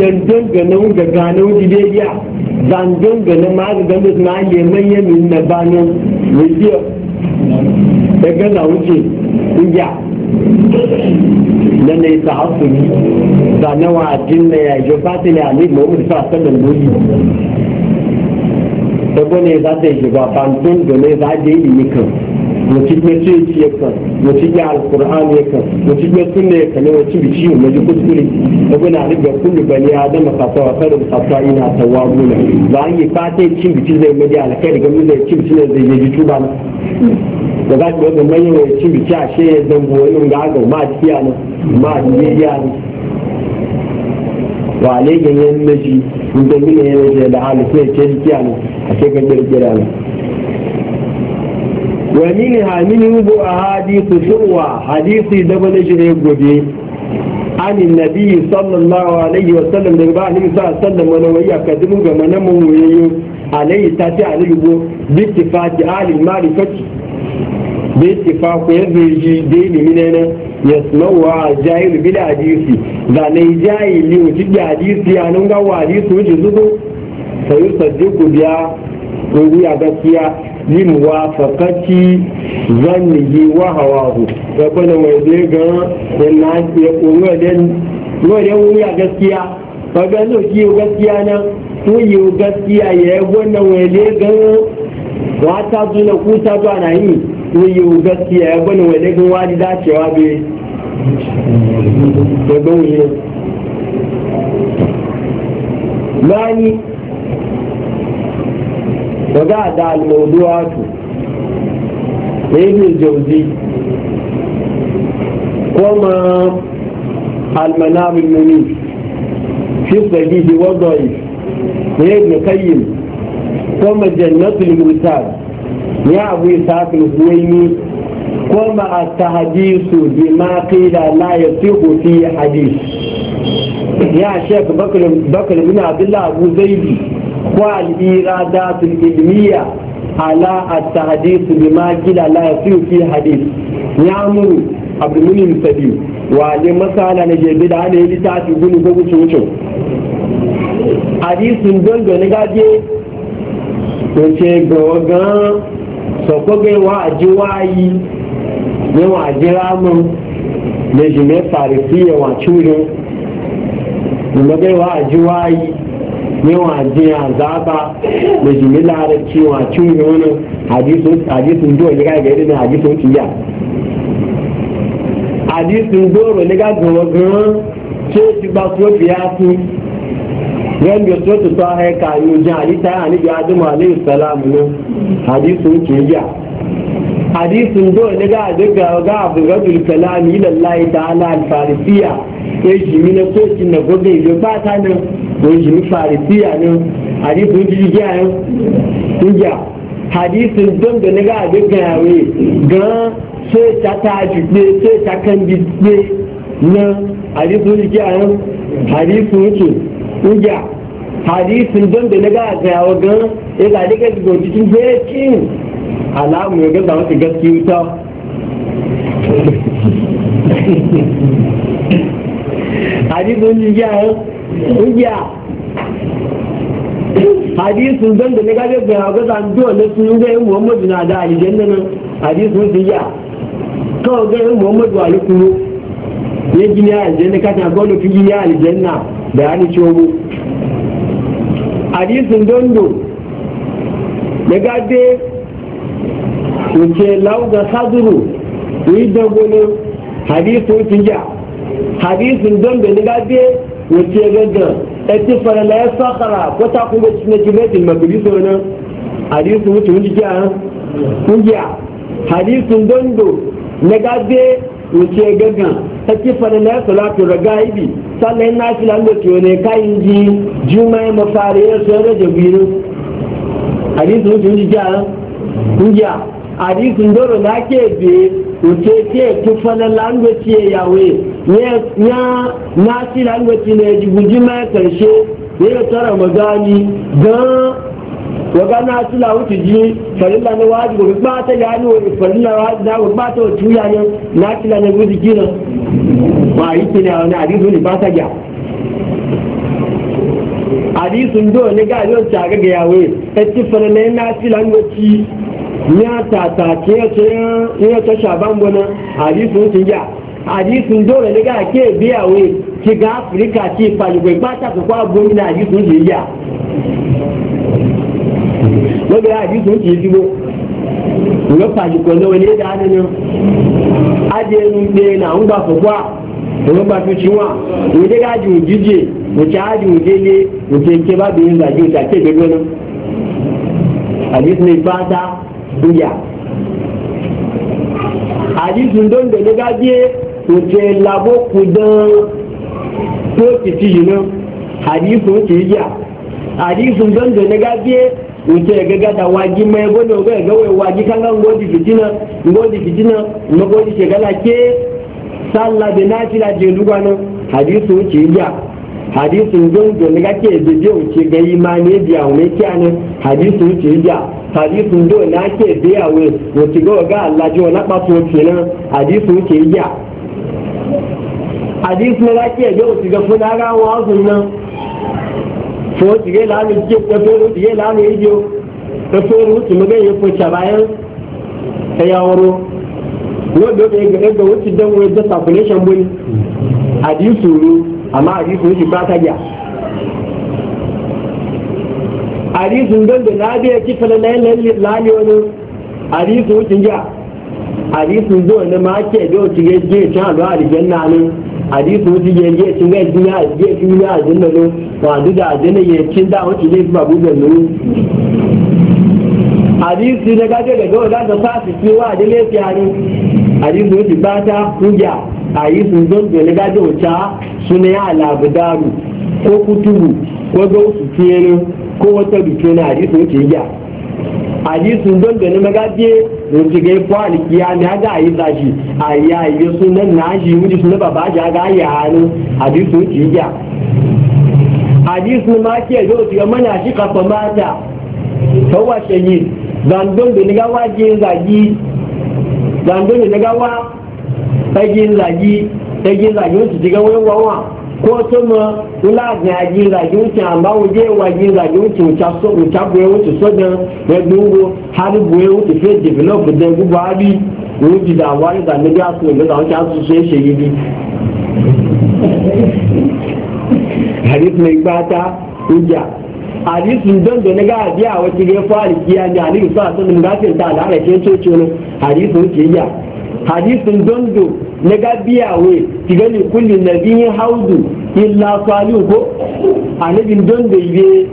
yanzu ganin ga ganin jidegiya zangon ganin ma ga ganin na yi manyan na banin mai biyu da gana wuce ƙungiya na na yi tahafuri da na wajin na ya yi fata ne a ne mawudu fa sallan doji sabo ne za ta yi shiga fantun da ne za ta yi ni limikan mutum ya ce ci ya kan mutum ya alkur'an ya kan mutum ya sunna ya kan mutum bi ciwo na ji kuskure sabo na riga kullu bani adam fata wa karin fata ina tawabuna za a yi fata bi ci zai mai alkai daga mun zai ci cin bici zai yi tuba da za ki wata mayawarci biki a shi ya zambo wani ga haka ma kiya na ma nigeria ne wa ne ganyen naji da mina yana ce da hali sai ce kiya ne a ce kan kirkira ne wa mini ha mini a hadisi shirwa hadisi da wani shi ne gobe عن النبي صلى الله عليه وسلم daga ba alaihi sa sallam wani wayya ka dubu ga mana mun wayo alaihi ta ce alaihi go bi tifati alil marifati da ittifaqu ya zai ji da ilimi ne nan yasmawa jahilu bil hadisi da ne jahili wuce da hadisi ya nan ga wa hadisi wuce zuku sai yusaddiqu biya kungiya gaskiya yin yi muwafaqati zannihi wa hawahu da bana mai zai ga yana ya kunga den wani wuya gaskiya ba ga lokaci gaskiya nan kuyi gaskiya ya yi wannan wani ga wata zuna kuta zuwa na yi yiwu gaskiya ya gwani wani dagan wani dacewa bai da gauye mani wa za a da al'uduwatu da ibn jauzi kuma almanabin muni fi sahihi yi da yi qayyim kuma jannatul murtad Ni abu isaac al-huwaini kuma a tahadisu bi ma qila la yasihu fi hadith ya shek bakar bin abdullah abu zaidi ko al-iradat al-ilmiya ala at-tahdith bi ma qila la yasihu fi hadith ya muru abdulmunin sabi wa ne masala na jebe da ana yi ta fi gunu ko wuce wuce hadisin don gaje ko ce ga sọ̀kọ́gbé wa àjẹ́ wayi ní wọn àjẹ́ rámù lẹ́jùmẹ́ fàrí sí ẹ̀wọ̀n àtúrò ìmọ̀gbé wa àjẹ́ wáyé ní wọn àjẹ́ àzába lẹ́jùmẹ́ láàrẹ̀ tí wọn àtúrò wọn àdísùn dúró nígbà gẹ̀ẹ́dẹ́ náà àdísùn ti yà àdísùn dúró nígbà gbọ̀ngàn tí ó ti ba fúlọ́pì yá fún yan bi to ta hay ka yu jali ta ani ya ji alayhi salam ne hadisu ke ya hadisu do ne ga daga ga abu gadul kalam ila Allah ta'ala al farisiya sai shi mi na so kin na gode yo ba ta ne ko shi mi farisiya ne hadisin ji ji ayo ya hadisin don da ne ga daga yawe ga sai ta ta ji sai ta kan bi na hadisin ji ayo hadisu yake nja hadisin don da na ga tsayawa gan ya ga daga gobe cikin fecin alamu ya gaza wata hadisin eh? hadisin don da na ga gaza na sun ga yin muhammadu na da nan hadisin sun ya kawai ga yin muhammadu ya gini kata gini aljanna da ya hani cogo hadisin dondo da gade wuce lauga saduru yi dangone hadisin wuce ja hadisin dondo da gade wuce gaga ɗaci farala ya sakara ko ta kuma na kimetin makuli wani hadisin wuce wuce jiya kungiya hadisin dondo na gade wuce gaggan ta kifar na salatu ragaibi sallan na fi lalata yau ne kayan ji juma'i mafari ya so rage biyu hadisu wuce ji a kungiya hadisun doro na ke be wuce ke kifar na lalata yawe ya na fi lalata ne ji guji mai karshe ya tara magani don wagana asila wuce ji falila na waji gobe ba ta yani wa na waji na ba ta wuce ya ne na asila na gudu na ba yi na. wani hadisu ne ba ta gya hadisun do ne ga yau ta ga ya we etti farilla na asila ne ci ya ta ta ce ce ya ta shaban bona hadisun tin gya hadisun ne ga ke biya we ki ga afrika ci fa ba ta na ji lọ́gbẹ̀ yà àdìsí ń kìí dìbò ìwé pàjùkọ̀ náà ní èdè àdé náà àdé ń gbé e náà ń gbà fọ́fọ́ à ìwé gbà tó tiwọn ìwé dé káàdì òjijì òkè àdì òjèlé òkè ńkẹ́ bá bẹ̀rẹ̀ ìgbàjì òkè àti ìgbẹ́gbẹ́ náà àdìsí ní bá dá ìyà àdìsí ń dóńdó ní káàdì òkè làbó kù dán tó ti ti yìí ní nke gaga da waji mai gwada ga ga waji kan gan godi fitina godi fitina na godi ke gala ke sallah da nafila je lugano hadisu wuce ya hadisu gongo ne gake je ga imani biya mai kyane hadisu ya hadisu na ke biya we wuce ga ga Allah ji wala pato kenan hadisu wuce ya hadisu ne gake ga wuce ga funa ga so tige lami je ko to tige lami ijo to ru ti mo be ko chabayo e ya woro no do be ga ga e wuti dan we da calculation boy adi suru amma adi suru ba ta ja adi dan da na be ki fala lai lai lami wani adi su wuti ja adi ne ma ke do tige je ta do aljanna ne adi su wuti je je tige je tige je ne wà dídá àjẹ́lẹ̀ yẹ kí ń dáhùn ilé ìgbàgbọ́ pẹ̀lú àdíṣì lẹ́gájẹ́lẹ̀ lọ́wọ́ láti sáàsì tí wá àjẹ́lẹ̀ fi àárín àdíṣì ó ti bá ta kújà àyíṣì tó ń tẹ̀lé gájẹ́ òjá súnẹ́ àlàbùdárù ko kuturu, ko gausu tsere ko wata duke na hadisu wuce ya hadisu don da ni magaje wuce ga ifo alikiya ne aga ayi zashi ayi ayi sunan na shi wuce sunan babaji aga ayi hannu hadisu wuce ya hadis ni ma ke zo ti mana shi ka famata tawa shayi zandon da ni gawa je zagi zandon da ni gawa tagin zagi tagin zagi wuce diga wayan wawa ko to mo ula zagi zagi wuce amma wa wagi zagi wuce wuce so wuce buye wuce so da ya dungo har buye wuce fe develop da gubabi wuce da wani da ni ga su ne da wuce su sai shayi hadis mai gbata hujja hadisin don da na ga biya wacce ga fara kiya ne hadis sa sun da gafin ta da ake cece ne hadisin kiyya hadisin don do na ga biya we ki gani kulli nabiyin haudu illa falu ko anabin don da yi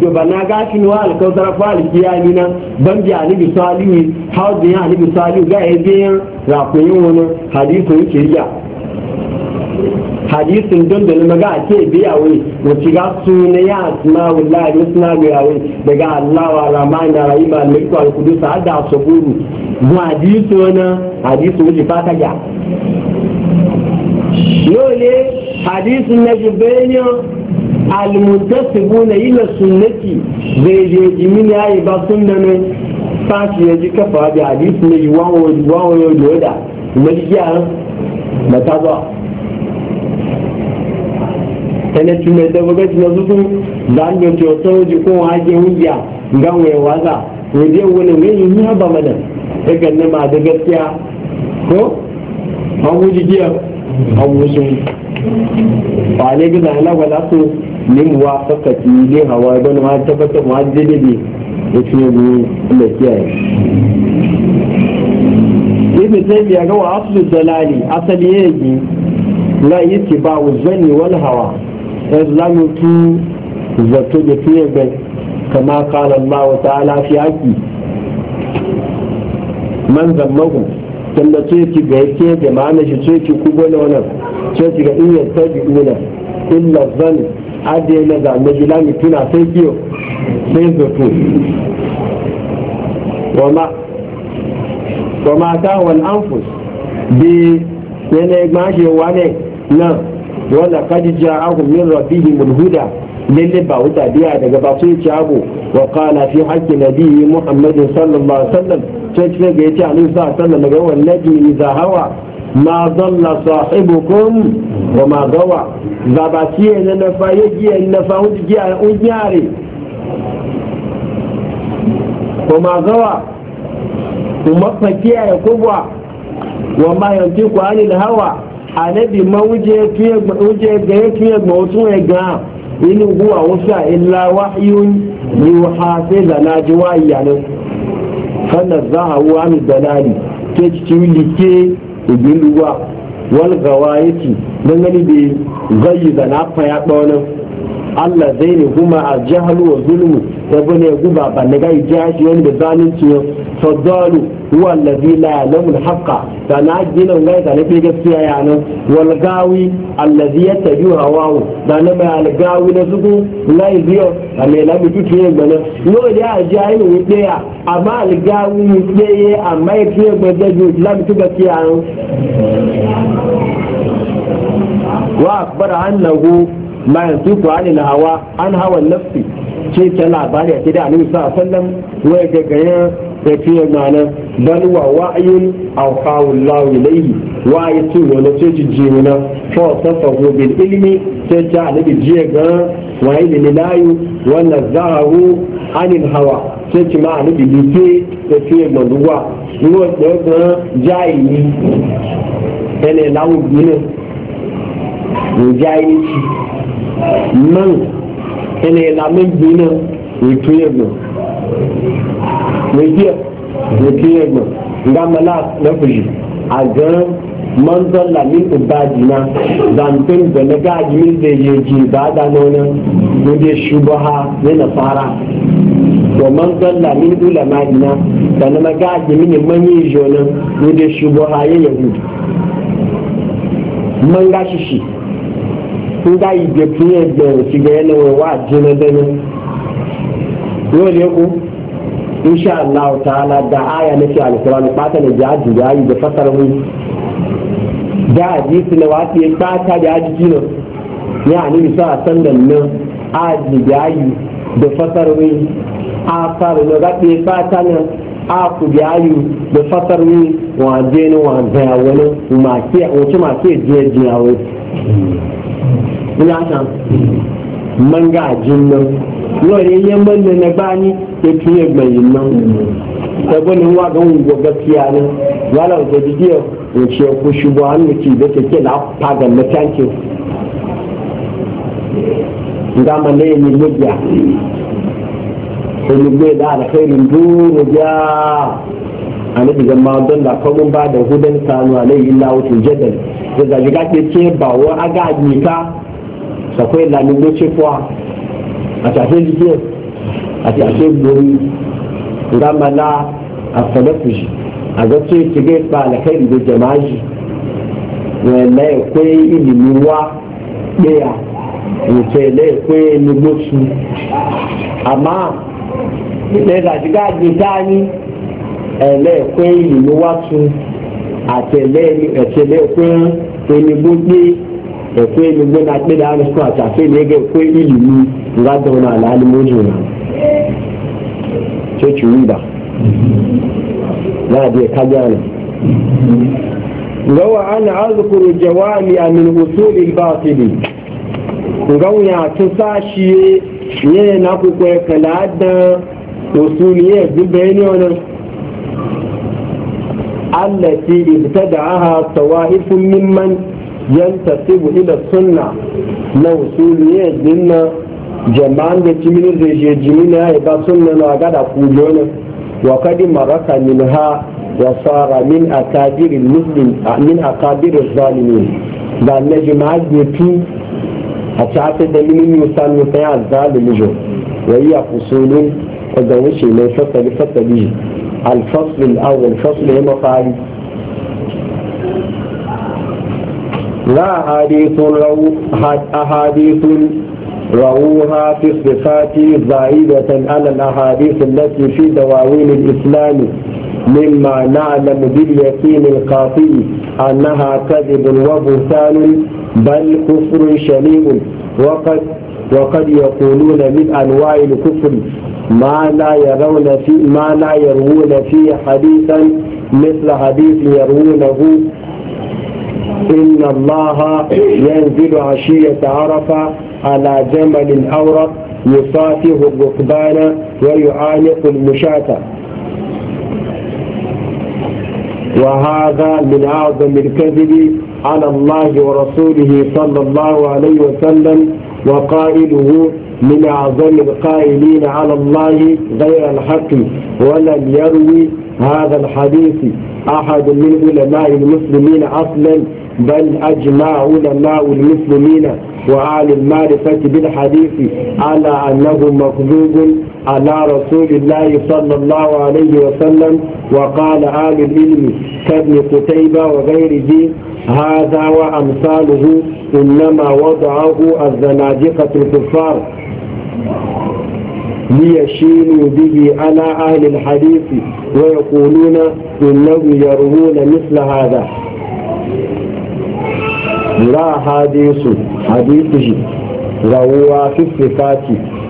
to ba na ne wa alkautar fali kiyami na ban bi alibi salihu haudu ya alibi salihu ga ya biyan rakoyin wani hadisin kiyya hadisin don da ga ake biya wai wace ga suna ya asma wula ya suna biya wai daga Allah wa Rahman da Rahim al-Malik wa al-Qudus hada saburu mu hadisu wani hadisu wuce fata ga lole hadisin na jibaniyo al yi na sunnati zai je jimini yi ba da mai fashi ya ji kafa da hadisi yi wawo wawo yoda mai mata zuwa ẹni tí mo ẹsẹ gbogbo tí mo dúdú láńdó tí o tó o jù kó wọn á jẹ oúnjẹ nga wọn ẹwà gà òde wo ni wọn yìí ní abamada ẹgbẹ ní ma dẹgbẹ tíya kó ọwọ jíjí ẹ ọwọ sọyìn wàhálà ẹgbẹ náà ẹlẹ wàlá tó ní mu wá fẹkẹtì ilé àwọn ẹgbẹ náà wọn á tẹfẹtẹ wọn á dé débi ètò ìlú ilẹ tíya yẹ. ibi tẹ́bi àgọ́wọ́ asùlù dọ́là yìí asẹ́lẹ̀ yẹ́ yìí láyé ti bá òzẹ́ni wọ́n hawa. islamu tu zato da fiye da kama kala Allah ta'ala fi haƙi man zammahu tanda ce ki ga yake da ma'ana shi ce ki ku gona wannan ce ki ga in yasta bi illa zan ade na da na bilami tuna sai kiyo sai zato wama wama ta wani anfus bi yana ma shi wane nan wala kadi ja'ahu min rabbihim al-huda lalle ba wuta biya daga ba sai ci abu wa qala fi haqqi nabiyyi muhammad sallallahu alaihi wasallam sai ce ga yace annabi sallallahu alaihi wasallam daga wallahi idza hawa ma dalla sahibukum wa ma gawa za ba ci ne na fa yaji na fa wuti giya un yare ko ma gawa kuma fa kiyaye kubwa wa ma ku anil hawa anabi ma wuje tuye wuje ga ya tuye ma wasu ya ga inu guwa wusa illa wahyun yuha sai da na ji wayi za a wuwa an dalali ke cikin like ibin duwa wal gawayati don gani bai gayi da na fa ya dawo Allah zai ne kuma a jihar wa zulmu ya bane guba ba da gai jashi wani da zalunci yau fadalu huwa allazi la ya'lamu al-haqqa da na gina ngai da nake gaskiya ya nan wal gawi allazi yatabi hawahu da na mai al gawi na zugu la yiyo da mai la mutu tiye gbana no da ya ayi ne daya amma al gawi ne daya amma ya tiye gbada ji la mutu gaskiya nan wa akbar annahu ma yantiqu anil hawa an hawa nafsi ce ta labari a kida alaihi sallam wai ga gaya da fiye mana bal wa wa'yun aw qawlu ilayhi wa yatu wa la tajji jinna fa tafahu bil ilmi ta ja alaihi jiya ga wa ilmi lilayu wa la nazahu anil hawa sai ma alaihi dike da fiye manuwa ruwa da ga jahili ene lawu gine jahili man ẹnì ìlànà ìgbé náà ètò ẹ̀gbọ̀n wòtí ètò ẹ̀gbọ̀n ngámẹ́lá lọ́fẹ̀ẹ́ àgẹ́rẹ́ manzalla min ubadina zantin da na gaji min da ya ji ba da nuna gode shubaha ne na fara wa manzalla min ulama'ina da na gaji min mani jonan gode shubaha ya yahudu man gashi shi N ìdè tí yẹn gbẹ̀rù ti gẹ̀ẹ́ ní wọn wá jiná dẹ́nu yóò lé kú insha allah ta'ala da aya na ce alkuran fata ne jaji da ayi da fasar mu da hadisi na wasu ya fata da aji kino ya ni bisa a san da nan aji da ayi da fasar mu a faru na gaɓe fata na a da ayi da fasar mu wa je ni masu nígbàtàn mọ́ngà àjínlọ wọ́n rí yẹn mọ́nà nẹgbà ní ètò ẹgbẹ̀yìn náà tẹ́gbọ́n ni wọ́n àgbọ̀n wọ gaskiya ne wala ọ̀jẹ̀ dídí ẹ̀ òkè ọkọ̀ ṣubú àánú kì í bẹ́tẹ̀ kí ma ní lóbìá olùgbé dáadáa fẹ́ẹ́ rí dúró jáà annabi zama don da kawun ba da hudan sanu alaihi da zaji ga ke ce ba wa aga ka. sọ̀kọ́ ìlànà ló ṣe fọ́ a àti àṣẹ díẹ̀ àti àṣẹ gbòòrò ìdámalá àfọlẹ́kùsì àgọ́tí ìtìgé pa àlẹ́kẹ́ ìdìbò jẹ̀máà yìí wọ́n ẹ̀lẹ́ pé ìlìmí wá pé à ìfẹ́ ẹ̀lẹ́ pé ẹni ló su àmọ́ ilẹ̀ ìdàgbà gbé dání ẹ̀lẹ́ pé ìlìmí wá tu àtẹ̀lẹ́ ẹ̀tẹ̀lẹ́ pé ẹni ló gbé. ya kwe ne gwada da ana suwa ta sai ne ga kwe ilimi za ta wani al'alimin juna ce ciwu ba na je ka gane gawa ana azkuru jawami min usulil batili gauya ta sashi ne na ku kwe kala da usuliye dubbe ne wannan allati ibtada'aha tawahifun mimman ينتسب إلى السنة لو سولي دينا جمان دي تمين رجي جمين هاي با سنة ناقاد أقولون وقد مرق منها وصار من أكابر المسلم من أكابر الظالمين دا نجمع جيتي أتعطي دمين يوسان نتيع الظالم جو وهي فصول قد وشي ليس فتلي فتلي الفصل الأول فصل هم قالي لا حديث رو أحاديث رووها في الصفات زائدة على الأحاديث التي في دواوين الإسلام مما نعلم باليقين القاطي أنها كذب وبهتان بل كفر شنيع وقد وقد يقولون من أنواع الكفر ما لا يرون في ما لا يروون فيه حديثا مثل حديث يروونه إن الله ينزل عشية عرفة على جمل الأورق يصافه الركبان ويعانق المشاة وهذا من أعظم الكذب على الله ورسوله صلى الله عليه وسلم وقائله من أعظم القائلين على الله غير الحق ولم يروي هذا الحديث أحد من علماء المسلمين أصلا بل أجمع علماء المسلمين وأهل المعرفة بالحديث على أنه مكذوب على رسول الله صلى الله عليه وسلم وقال أهل العلم كابن قتيبة وغيره هذا وأمثاله إنما وضعه الزنادقة الكفار ليشينوا به على أهل الحديث ويقولون إنهم يروون مثل هذا لا حديث حديثه روى في الصفات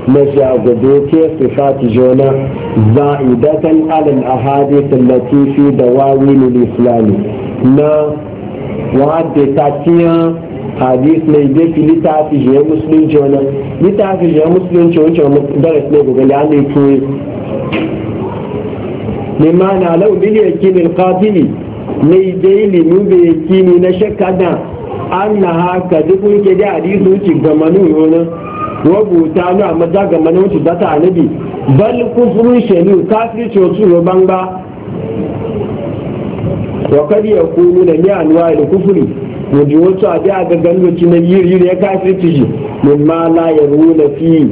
نشأ قدوتي صفات جونا زائدة على الأحاديث التي في دواوين الإسلام ما وعد تاتيا حديث نيدي في لتافجة مسلم جونا لتافجة مسلم جونا درس نيبو قال يعني كوي لمعنى لو بلي أكين القاتلي نيدي لنبي أكين نشك أدام anna haka duk muke da hadisi wuce ga manu yonan rubuta nu amma da ga manu wuce ta anabi bal kufru shelu kafirci wasu roban ba wa kad yakunu da ni anwa da kufuri mu ji wasu a da ga gandoci na yiri ya ci ji min ma la yaruna fi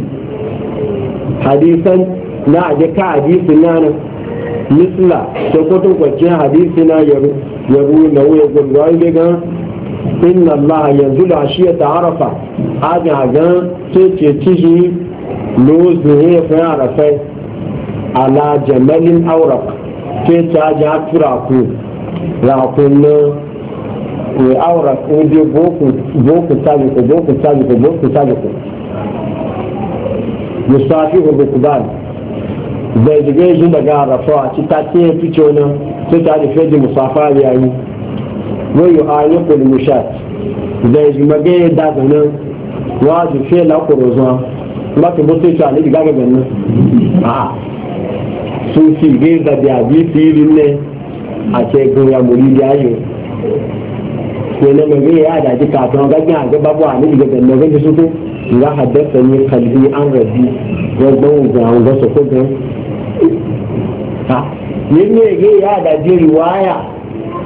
hadisan na ga ka hadisi na nan misla sai ko kwanciyar hadisi na yaruna wuya gurgurwa wai gan inna allaha yanzu da shi ya ta'arafa a ga gan ce ciji lozu ne ya fi ala jamalin aurak sai ta ja turaku rakun na mai aurak in je boku tabi boku tabi ko boku tabi ko musafi ko bukuban bai jigai shi daga arafa a ci ta ce ta fi ce wani sai ta da fedi musafa yayi wai yi ayi kulmushat da ya jimage ya daga nan wa su fe la kurozuwa ba su mutu ta ne diga ga nan a su fi ge da bi filin ne a ce goya muri da yayo ko ne mai ya da ji ka to ga ga ga babu ani diga ga nan ga su ko ga haddasa ni kalbi an rabi ga ban ga ga su ko ga ha ne ne ga ya da ji riwaya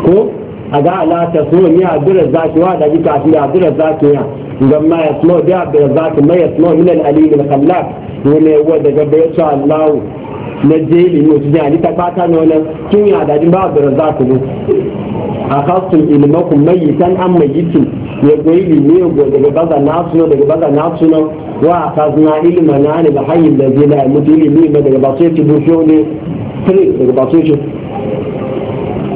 ko aga la ta so ni abdul zaki wa da jika fi abdul zaki ya gamma ya smo da abdul zaki mai smo min al ali al khallaq ne wa daga bai sha Allah na jeli ne tijin ali ta fata ne wannan kin ya da ba abdul zaki ne akhastum ilmakum mayitan am mayitin ya goyi ne go daga baza nasu daga baza nasu wa akhazna ilmana ne ba hayyin da zai da mutu ilmi daga ba sai ci bushone 3 daga ba sai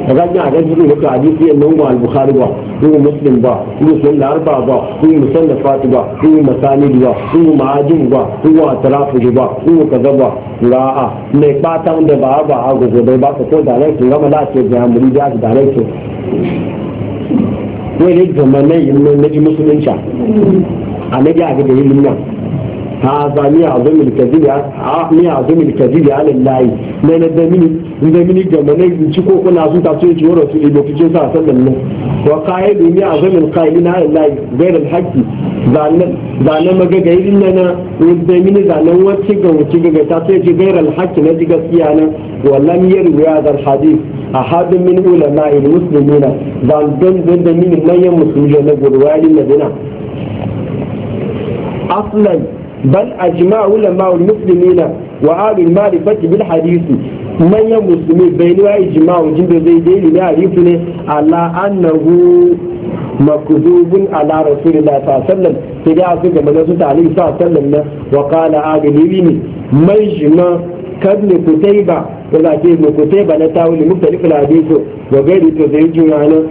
فقالنا نعم، عجزه هو تعديث أنه مع البخاري با هو مسلم با هو سنة أربع با هو مسنة فاتبة هو مساند با هو معاجم با هو اعتراف با هو كذا با لا نكباتا عند با با آغو زبا با فتو داريك لما لا شيء جهام بريجاك داريك وين ايك زمان نجي مسلم انشاء أنا جاك بهي لنا هذا ميعظم الكذب ميعظم الكذب على الله ما ندمين ندمين جمع نجد شكو كنا عزم تاسوي جورا في البوكيجو ساعة سلمنا وقائد ميعظم القائلين على الله غير الحق zane maga ga irin nana wanda mini zane wacce ga wacce ga ta sai ji gairar na ji gaskiya nan wallan ya riwaya zar hadis a hadin min ulama il muslimina zangan zanda mini manyan musulmi na gurwari madina Aflan. بل أجمع علماء المسلمين وآل المعرفة بالحديث من المسلمين بين إجماع جنب زيدين يفني على أنه مكذوب على رسول الله صلى الله عليه وسلم تجاه سنة من رسول الله صلى الله عليه وسلم وقال آقليني مجمع كابن كتيبة ولا كابن كتيبة نتاول مختلف الحديث وغير تزيجون عنه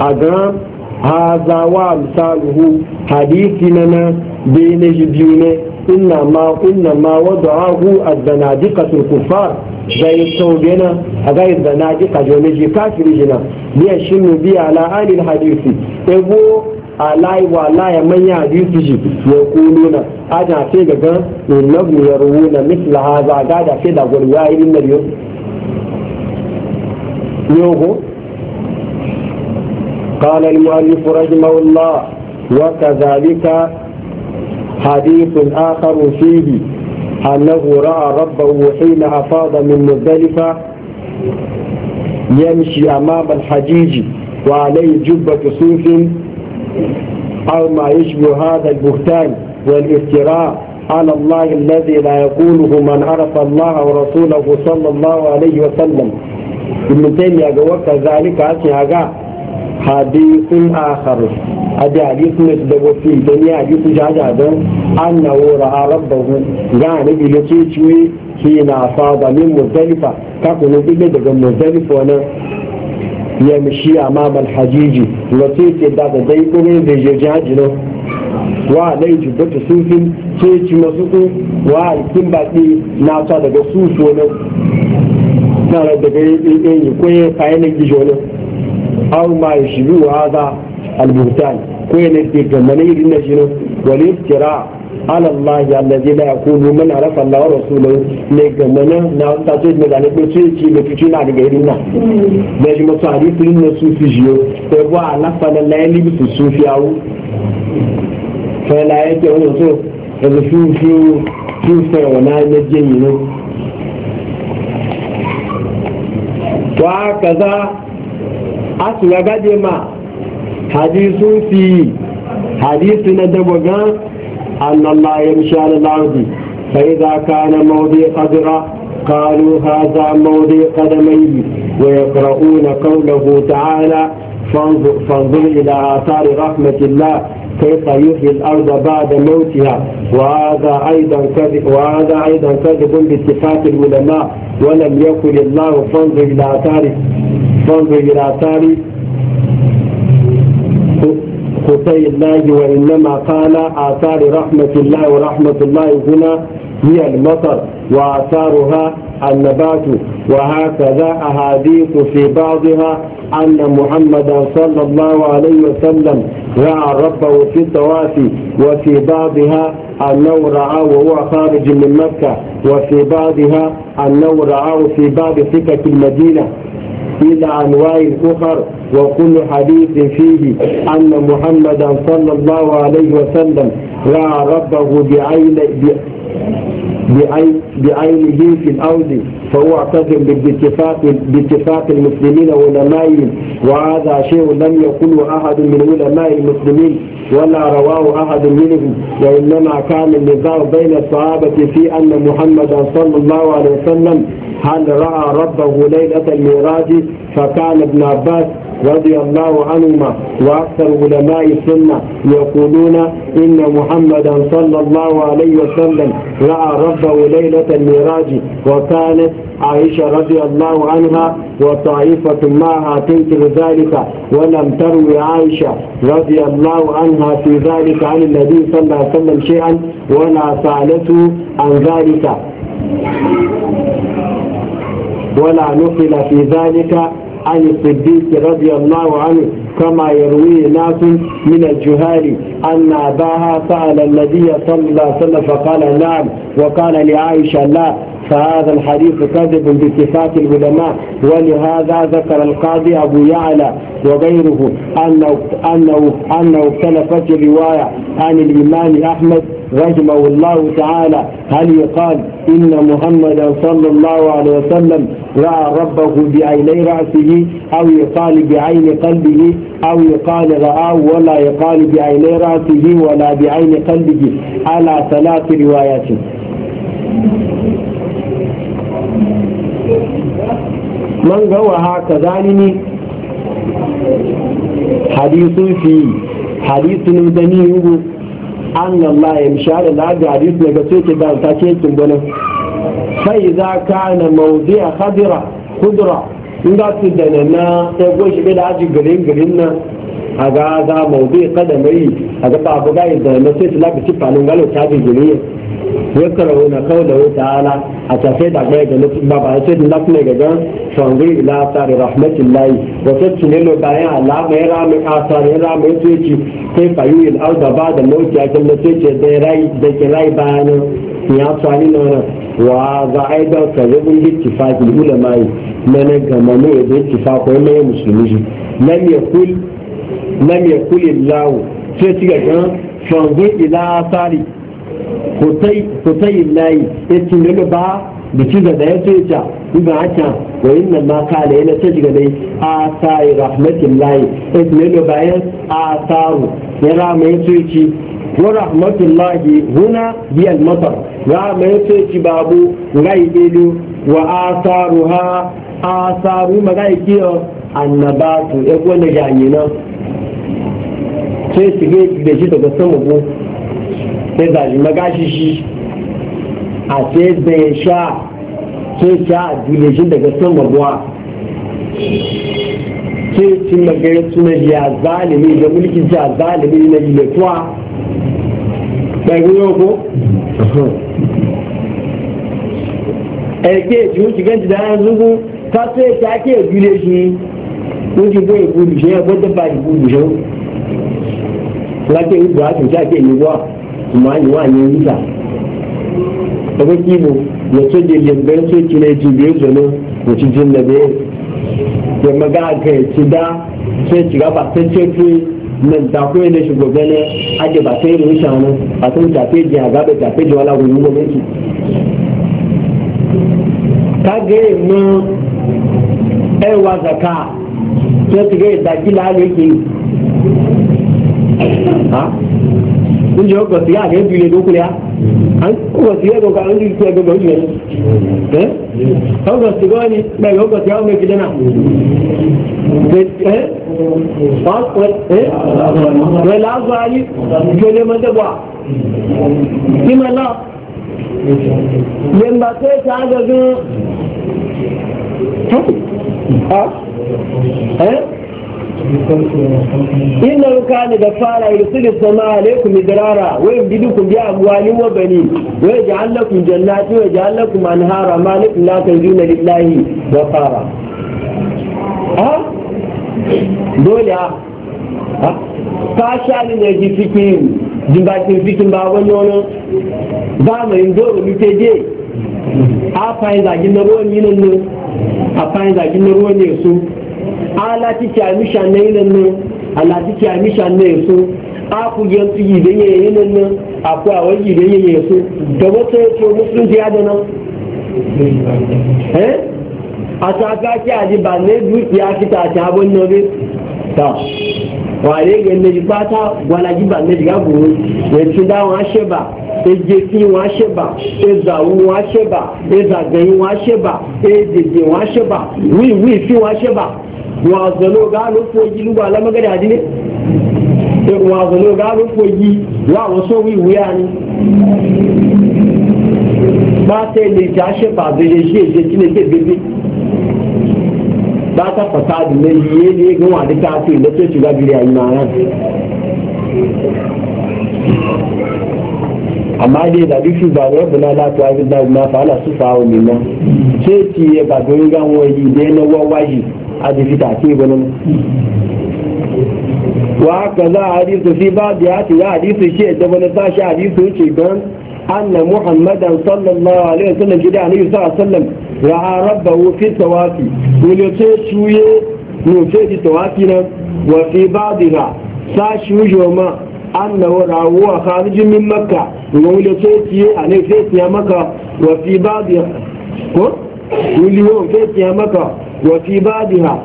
أقام هذا وامثاله حديثنا bai na biyu ne inna ma inna ma wadda ahu a zanadika kufar zai sau bena a ga yi zanadika jone ji kafiri jina biya shi mu biya ala alil hadisi ebo alayi wa alaya manya shi ya kulu na aja sai ga gan innabu ya ruwu na misla haza ga da sai da gwarwa irin na biyu yogo قال المؤلف رحمه الله وكذلك حديث آخر فيه أنه رأى ربه حين أفاض من مزدلفة يمشي أمام الحجيج وعليه جبة صوف أو ما يشبه هذا البهتان والافتراء على الله الذي لا يقوله من عرف الله ورسوله صلى الله عليه وسلم ابن تيمية قوك ذلك أتي هقا Hadi ina harka ajiye ajiye su na shi daga ofisinsa ni ajiye su canza ajiye a canza an naura a rabba uku zan a nibi cikin wani hira na asawa wani mazalifa kada ku na gudu ya mashiya ma ma alhajiji masu yaki ce daga dai irin da jarida ajiye a kuwa wani bata sunsun cekin wasu kuwa wa a yi ki na kwa daga sunsuni na a yi na gizo na. aw ma yushbihu hadha al-buhtan ko ne ke gamane irin na shi wal iftira ala Allah alladhi la yaqulu man arafa Allah wa rasuluhu ne gamane na ta ce ne da ko ce ci na daga irin na da shi mutu hadisi ne sufi jiyo ko ba Allah fa la yalibi sufiyawu fa la so na ne wa kaza asu ya gaje ma hadisun fi hadisi na dabaga annallah ya mishi ala lardi sai za ka قالوا هذا موضع قدمين ويقرؤون قوله تعالى فانظر, فانظر إلى آثار رحمة الله كيف يحيي الأرض بعد موتها وهذا أيضا كذب وهذا أيضا كذب باتفاق العلماء ولم يقل الله فانظر إلى آثار فانظر إلى آثار قصي الله وإنما قال آثار رحمة الله ورحمة الله هنا هي المطر وآثارها النبات وهكذا أحاديث في بعضها أن محمدا صلى الله عليه وسلم رأى ربه في الطواف وفي بعضها أنه رآه وهو خارج من مكة وفي بعضها أنه رآه في بعض سكة المدينة إلى أنواع أخر وكل حديث فيه أن محمدا صلى الله عليه وسلم رأى ربه بعين بعينه في الأرض فهو اعتزم باتفاق باتفاق المسلمين وعلمائهم وهذا شيء لم يقله أحد من علماء المسلمين ولا رواه أحد منهم وإنما كان النزاع بين الصحابة في أن محمدا صلى الله عليه وسلم هل رأى ربه ليلة الميراج فكان ابن عباس رضي الله عنهما وأكثر علماء السنة يقولون إن محمدا صلى الله عليه وسلم رأى ربه ليلة الميراج وكانت عائشة رضي الله عنها وطائفة معها تنكر ذلك ولم تروي عائشة رضي الله عنها في ذلك عن النبي صلى الله عليه وسلم شيئا ولا سألته عن ذلك ولا نقل في ذلك عن الصديق رضي الله عنه كما يروي ناس من الجهال أن أباها سأل النبي صلى الله عليه وسلم فقال نعم وقال لعائشة لا فهذا الحديث كذب باتفاق العلماء ولهذا ذكر القاضي أبو يعلى وغيره أنه, أنه, أنه اختلفت الرواية عن الإمام أحمد رحمه الله تعالى هل يقال إن محمدا صلى الله عليه وسلم رأى ربه بعيني رأسه أو يقال بعين قلبه أو يقال رآه ولا يقال بعيني رأسه ولا بعين قلبه على ثلاث روايات man ga wa haka zalimi hadisun fi hadisun da ni yugo an Allah ya mishara da ga hadis ne ga sai da ta ce kin bana sai za kana mawdi'a khadira khudra in ga su da na sai go shi da aji garin garin nan a ga za mawdi'a kadamai a ga ba buga da na sai ta labi ci fanin galo ta bi gari ya karawo na kaula ta'ala àtàfẹ́ ìdàgbà ẹ̀gẹ̀ ló fún bàbá ẹ̀ṣẹ́ ìdí lápúlẹ̀ gẹ̀gán sọ̀rọ̀ ìlà àtàrí rahmatulahi wọ́sẹ̀ tì ní ló báyẹn àlámẹ́ rámi àtàrí rámi tó èjì pé fàyú ìlà àwùjọba àdàmọ́ òjì àjẹmọ́ tó èjì ẹ̀dẹ̀ ráì báyẹn ìyá tó a nínú rẹ̀ wà á za yi. kẹ̀lẹ́gùn bí tìfà ìlúlẹ̀ máyì mẹ́nẹ́ gàmọ́ ní èdè tìfà kọ́ ẹ̀mẹ́yẹ mùsùlùmí yìí lẹ́mìẹ̀kúlì láwù tí ó ti gẹ̀gán sọ̀rọ̀ ìlà àtàrí kutai layi ya cinye da ba da ci da ya ce ta ga haka wa inna ma kala yana ta shiga dai a sai rahmatin layi ya cinye da bayan a saru ya rama ya ce ci wa rahmatin lahi huna biyal matar rama ya ce ci babu rai ilu wa a saru ha a saru magana kiyo annabatu ya gwada jami'an sai shige da shi daga sama ko sai zaji magashi shi a sai da ya sha sai sha a dilejin daga san babuwa sai ci magana suna ya zalimi da mulkin ja zalimi na ilekuwa ɗari yau ẹ̀kẹ́ tí ó ti gẹ́ǹtì dáná zúgún tátó ẹ̀kẹ́ akẹ́ ìbílé ṣe ó ti bó ìbúlù ṣe ẹgbẹ́ shi. bá ìbúlù ṣe ó lákẹ́ ìbúlù àtúnṣe àkẹ́ ìlú wà. mani wa ne nita daga kibo ya ce da limbar so ki ne ji biyu zano ya ci jin da biyu ya maga aka ya ci da sai ci gaba sai ce fi nan da ne shi gobe ne ake ba sai da wuce nan ba sai ji a gaba ji wala gudu ka ga yi mu aiwa e zaka sai ga yi ha níjẹ́ ọkọ̀ sí àgẹ́ ìbílẹ̀ lókun ya ọkọ̀ sí ẹ̀kọ́ kan ní ìpín ẹgbẹ̀gbẹ̀ òjì ẹ̀ ọkọ̀ sí gọ́ ni eh pẹ̀lú ọkọ̀ sí ọmọ ìkìlẹ̀ náà pẹ̀lú àgbà ayé ìjọlẹ̀ mọ́tẹ́bọ̀ kí mọ́ náà yẹ̀mbà tó ṣe àgbẹ̀ gan-an inna kana da fara yursilu sama alaikum idrara wa yumdidukum bi amwalin wa banin wa yaj'al lakum jannati wa yaj'al lakum anhara malikum la tanjuna lillahi wa fara ha dole ha ka sha ni ne ji fikin jimbatin fikin ba wani wani ba mai dole mu te je a fa yin zagin ruwan yi nan ne a fa yin zagin na ruwan ne su ala ti ti amisha ne nan nan ala ti amisha ne so a ku yan ti yi da yayi nan nan a ku a waji da yayi so da wata to musulunci ya da nan eh a ta ga ki a ji ba ne dukiya ki ta ta bon no be ta wàlẹ́ yẹn méjì pátá gbọ́lájúbà méjì gáàbùrú ẹ̀túndá wọn aṣẹ́bà ẹ̀jẹ̀fí wọn aṣẹ́bà ẹ̀zàwù wọn aṣẹ́bà ẹ̀zàgbẹ̀yìn wọn aṣẹ́bà ẹ̀dẹ̀dẹ̀ wọn aṣẹ́bà wíwí fi wọn aṣẹ́bà. wazano gano fogi lugba ne adine eh, wazano gano fogi wa waso wi wuya ni ba ta le ja se ba be je je je ti le te bebe ba ta fata di me ye ni gan wa de ta ti le to ti ga bi ayi ma ran amma dai da duk ba wa bula la ta ga da ma fa ala su fa wa ni ma sai ti e ba go ga wo yi de na wawayi. wa yi حديث تعتيب ولن وهكذا حديث في بعض هاتي حديث الشيء دبل الساشة حديث الشيء كان أن محمد صلى الله عليه وسلم جدا عليه الصلاة والسلام رعى ربه في التواكي وليسي شوية نوفي في التواكينا وفي بعضها ساش وجوما أنه رعوة خارج من مكة وليسي شوية عليه في مكة وفي بعضها قل وليسي شوية مكة wa fi badiha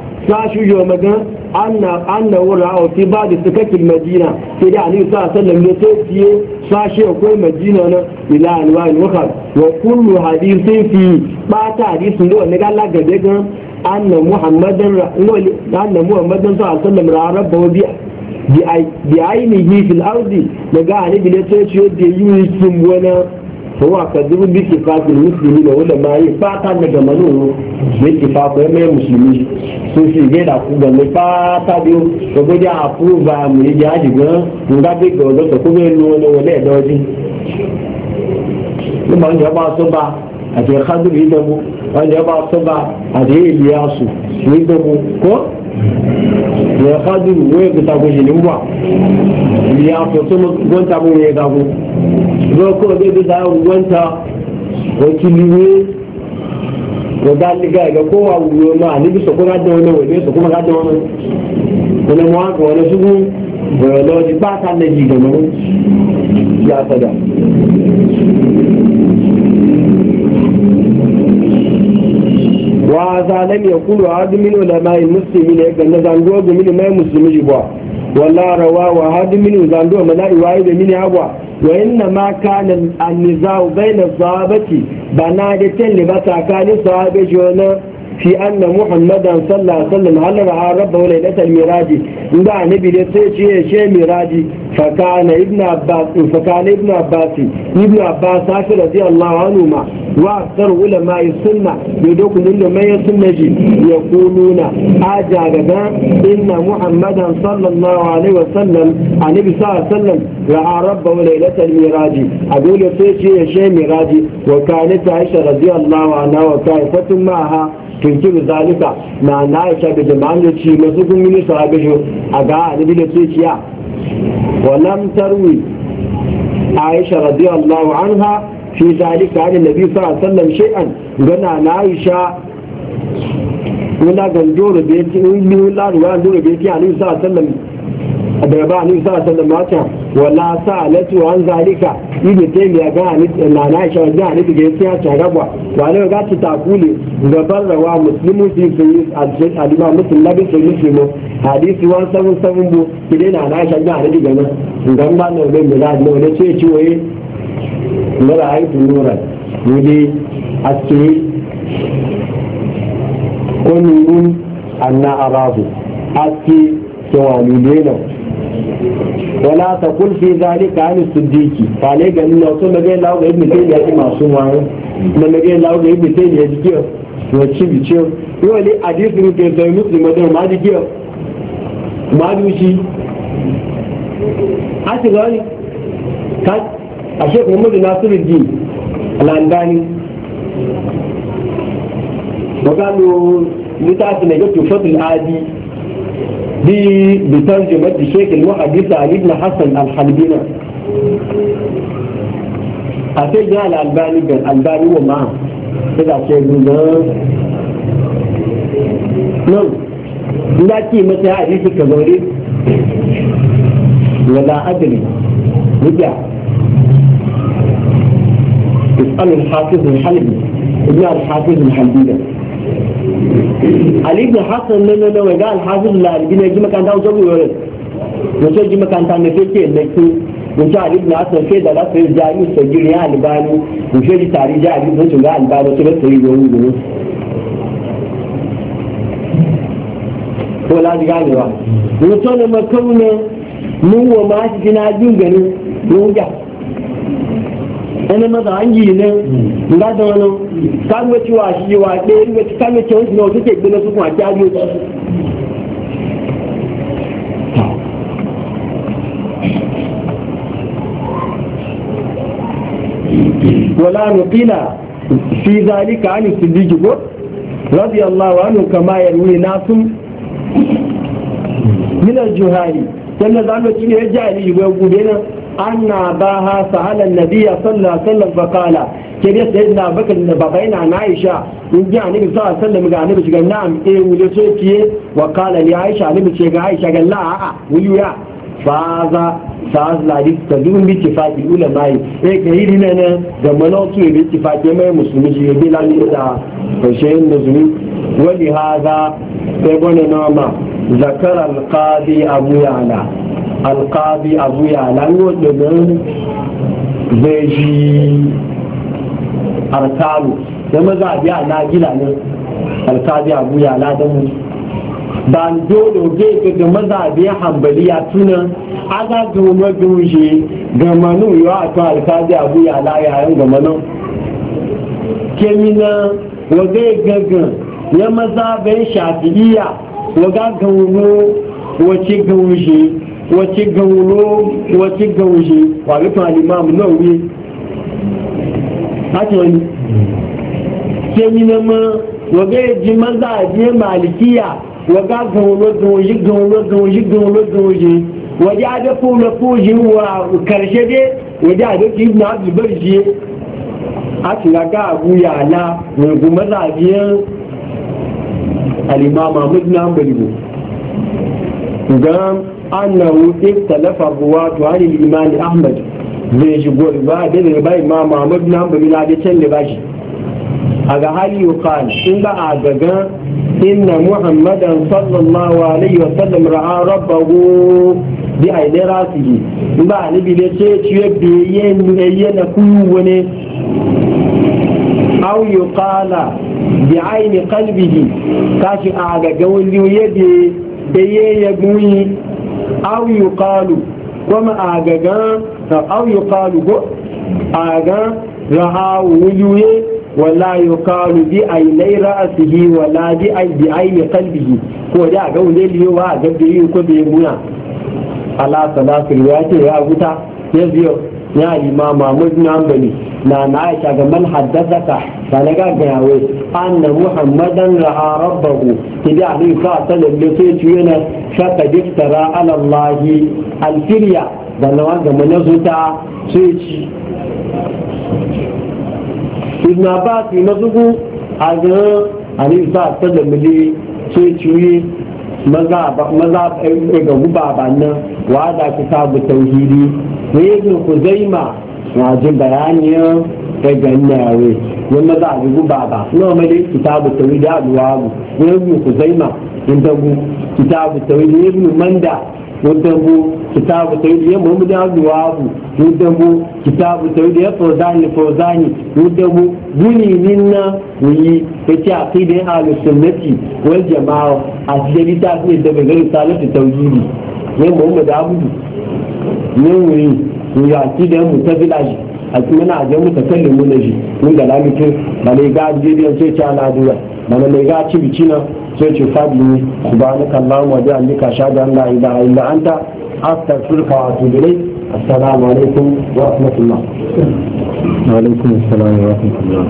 yo magan anna anna wura wa fi badi madina sai da annabi sallallahu alaihi wasallam ne sai fiye sashi akwai madina na ila alwani wa wa kullu hadithin fi ba ta hadisin da wannan galla gabe gan anna muhammadan anna muhammadan sallallahu alaihi wasallam rabbahu bi bi ainihi fil ardi daga annabi ne sai ciyo da yi sun wani sau a ka dubu bi ke fafin musulmi da wanda ma yi fata na gamanu ne ke fafo ya mai musulmi su shi zai da ku ga mai fata biyu ga gudu a fu ba mu yi jihadi ga nga bi ga wanda ta kuma yi nuna wani ya dawaji ne ba ya ba su ba a ce hadu bi da mu wanda ya ba su yi biya su ni da mu ko ya hadu wai ga ta gushi ne ba ya fi sun gwanta mu ne ya gago ìjọ́kọ́ débi láàrú wẹ́ńtà òkìlìwé ga nígbà ẹ̀gẹ́ kó wà wùrọ̀ náà níbi sọ̀kọ́ ládùn wani wẹ̀ ní sọ̀kọ́ ládùn ọ̀nà ọ̀nà mọ́ àgbọ̀ ọ̀nà ya bẹ̀rẹ̀ lọ di pátá lẹ́jì ìgbọ̀nà yà sọ̀dà. وهذا لم يقول أحد من علماء المسلمين كان mai muslimi ba مسلم جبوا wa رواه أحد من زندوق ملا da من أبوا Wai in nama ka ni anniza o bai na zuwa ba ti bana ta leba sa في أن محمد صلى الله عليه وسلم علم على ربه ليلة الميراج عند نبي لسيشي شيء ميراج فكان ابن عباس فكان ابن عباس ابن عباس رضي الله عنهما وأكثر علماء السنة يدوك من ما يسمى يقولون آجا غدا إن محمد صلى الله عليه وسلم النبي صلى الله عليه وسلم رأى ربه ليلة الميراج أقول سيشي شيء ميراج وكانت عائشة رضي الله عنها وطائفة معها tunkiru zalika na na aisha da jama'an da ci masu kun mini a ga annabi da ce ciya walam tarwi aisha radiyallahu anha fi zalika an nabi sallallahu alaihi wasallam shay'an gana na aisha wala gandoro da yake wala ruwa gandoro da yake annabi sallallahu alaihi wasallam da ba annabi sallallahu alaihi wasallam mata wala sa alatu an zalika ibi taymiya ga ni na na shi ga ni ga yasiya ta rabwa wala ga ta takuli ga barrawa muslimu fi sahih al-imam muslim nabi sallallahu hadisi wa sabu sabu bu kide na na shi ga ni ga nan dan ba ne ne da ne ne ce ci waye mara ai dunura ni dai aske kunun anna arabu aske tawalulena wala ta kul fi zalika an siddiqi fale ga mage lawo ga ibn tayyib ya masu wani na mage lawo ga ibn tayyib ya jike wa ci bice yo ne hadisi ke da muslim da ma jike ma duci a ci gani ka a shekhu muhammad nasiruddin al-andani wa بترجمة الشيخ المحدث علي بن حسن الحلبينا أتي جاء الألباني كان الألباني ومعه إذا شيخنا نعم لكن متى حديث كذوري ولا أدري رجع اسأل الحافظ الحلبي ابن الحافظ الحلبي ali ibn hasan nan nan wai ga alhazin lalibi ne ji makanta wajen wuyoyin na so ji makanta ne sai ke nake in sha ali ibn hasan sai da lafi jami ya albani in shi ji tari ja ali ibn ga albani sai da sai goyi goyi ko la ji ganewa mutum ne makau ne mun wa ma shi jina jin ganin mun ẹni mọ́ta ń yìí ní ńgbádùn ọ̀nà káwétí wà sí wà pé ńgbẹ́tí káwétí ọ̀hún náà tó tẹ̀gbẹ́ lọ sókun àti àbí ọ̀tọ̀. wọ́lá nùpínà fi zálí káàní sí díjìgbó rọ́bì aláwọ̀ ánù kàmá ẹ̀rùn iná fún mílẹ̀ juhari tẹ́lẹ̀ zálọ́tí ní ẹjá ìlú ìwé ogun bẹ́ẹ̀ náà أن أباها سأل النبي صلى الله عليه وسلم فقال كيف سيدنا بكر بابين عن عائشة ونجي عن النبي صلى الله عليه وسلم قال النبي قال نعم إيه ولتوكي وقال لي عائشة النبي عائشة قال لا ويا فهذا sa'ad ladis ta dun bi tifaki ulama yi e ka yi rina na da malautu ya bi tifaki mai musulmi shi ya bi lani da kashayin da zuri alkazi abu ya lango domin zai ji arkanu da maza biya na gina ne alkazi abu ya ladan ba dole ke ga maza biya hambaliya tunan aga gama gushe gama nu yawa a to alkazi abu ya la yayin gama nan kemina wa zai gagan ya maza bai shafi'iya wa gaggawo wace gushe wọ́tí gan ló wọ́tí gan òye wà lókun alimami náà wí n'a wọn ni ṣé nínú mọ́ wọ́gá èjì mọ́tà àti màlìkíyà wọ́gá gan ló gan òye gan ló gan òye gan ló gan òye wọ́dí adé fúnlọ fún òye wọ kàrìṣẹ́ dé wọ́dí adé kì a nà ábùbẹ́ ìṣe àti ràgá àbúyà àlá wọ́gùn mọ́tà àti alimami àmọ́tì náà ń أنه اختلف الرواة عن الإمام أحمد بيجي بقول با دين باي ما محمد نام بمن عاد يتشل باجي هذا هل يقال إن بعد إن محمدا صلى الله عليه وسلم رأى ربه بعين راسه إن بعد نبي لتشي بيين بيين كون أو يقال بعين قلبه كاش أعد قول يدي بيين يقوي aw yuqalu kuma agaga aw yuqalu go aga raha wuyuye wala yuqalu bi aynai ra'sihi wala bi ayni ayni qalbihi ko da ga wule liwa ga bi ko be muna ala salatu ya ce ya huta ya biyo ya imam Ahmad bin Hanbali na na Aisha ga man haddathaka sanaga ga yawe anna Muhammadan ra'a rabbahu kida ali fa sallam ne sai ci yana shaka diftara ala Allah alfirya da na ga manazuta sai ci ibn Abbas mazugu a ga ali fa sallam ne sai ci maza ba maza ga guba ba nan wa da kitabu tauhidi zai ne ibn kuzaima na jin bayanin daga nawe ma za a gugu baba nawa mai dai kitabu tawhid da yi ne ibn kuzaima in dagu kitabu tawhid ne ibn manda in dagu kitabu tawhid ya muhammad alwabu in dagu kitabu tawhid ya fawzani fawzani in dagu guni minna yi yace aqidah ahlus sunnati wal jamaa a cikin ta ne daga garin salatu tawhidi ne muhammad abudu nuri ya ci da mu ta bilaji a cikin na ajiyar mu ta kallon mu na ji mun da lamitin ba ne ga jirgin sai ci ana duwa ba ne mai ga ci bici na sai ci fadi ne subhanaka allahumma wa bihamdika ashhadu an la ilaha illa anta astaghfiruka wa atubu ilayk السلام عليكم ورحمة الله وعليكم السلام ورحمة الله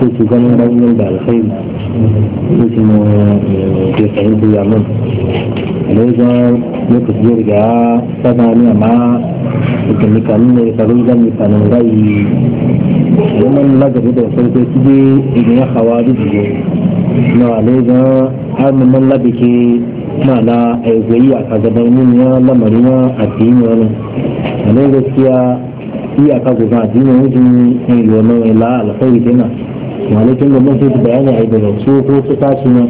كنت قلنا رجل بعد الخير كنت في سعيد اليمن لذا lokaci ya riga sana ne amma ikamikan ne tsarin zan yi tsanin rai domin lagari da wasu sai su je idan ya hawa rijiyo na wale ga armamin labike na na aiwayi a kagabar min ya ya na addini wani a ne gaskiya iyaka gugan addini wani shi ne yiwu na wani la alkhairi dina malakin da mun fi bayani a yi da su ko su tashi na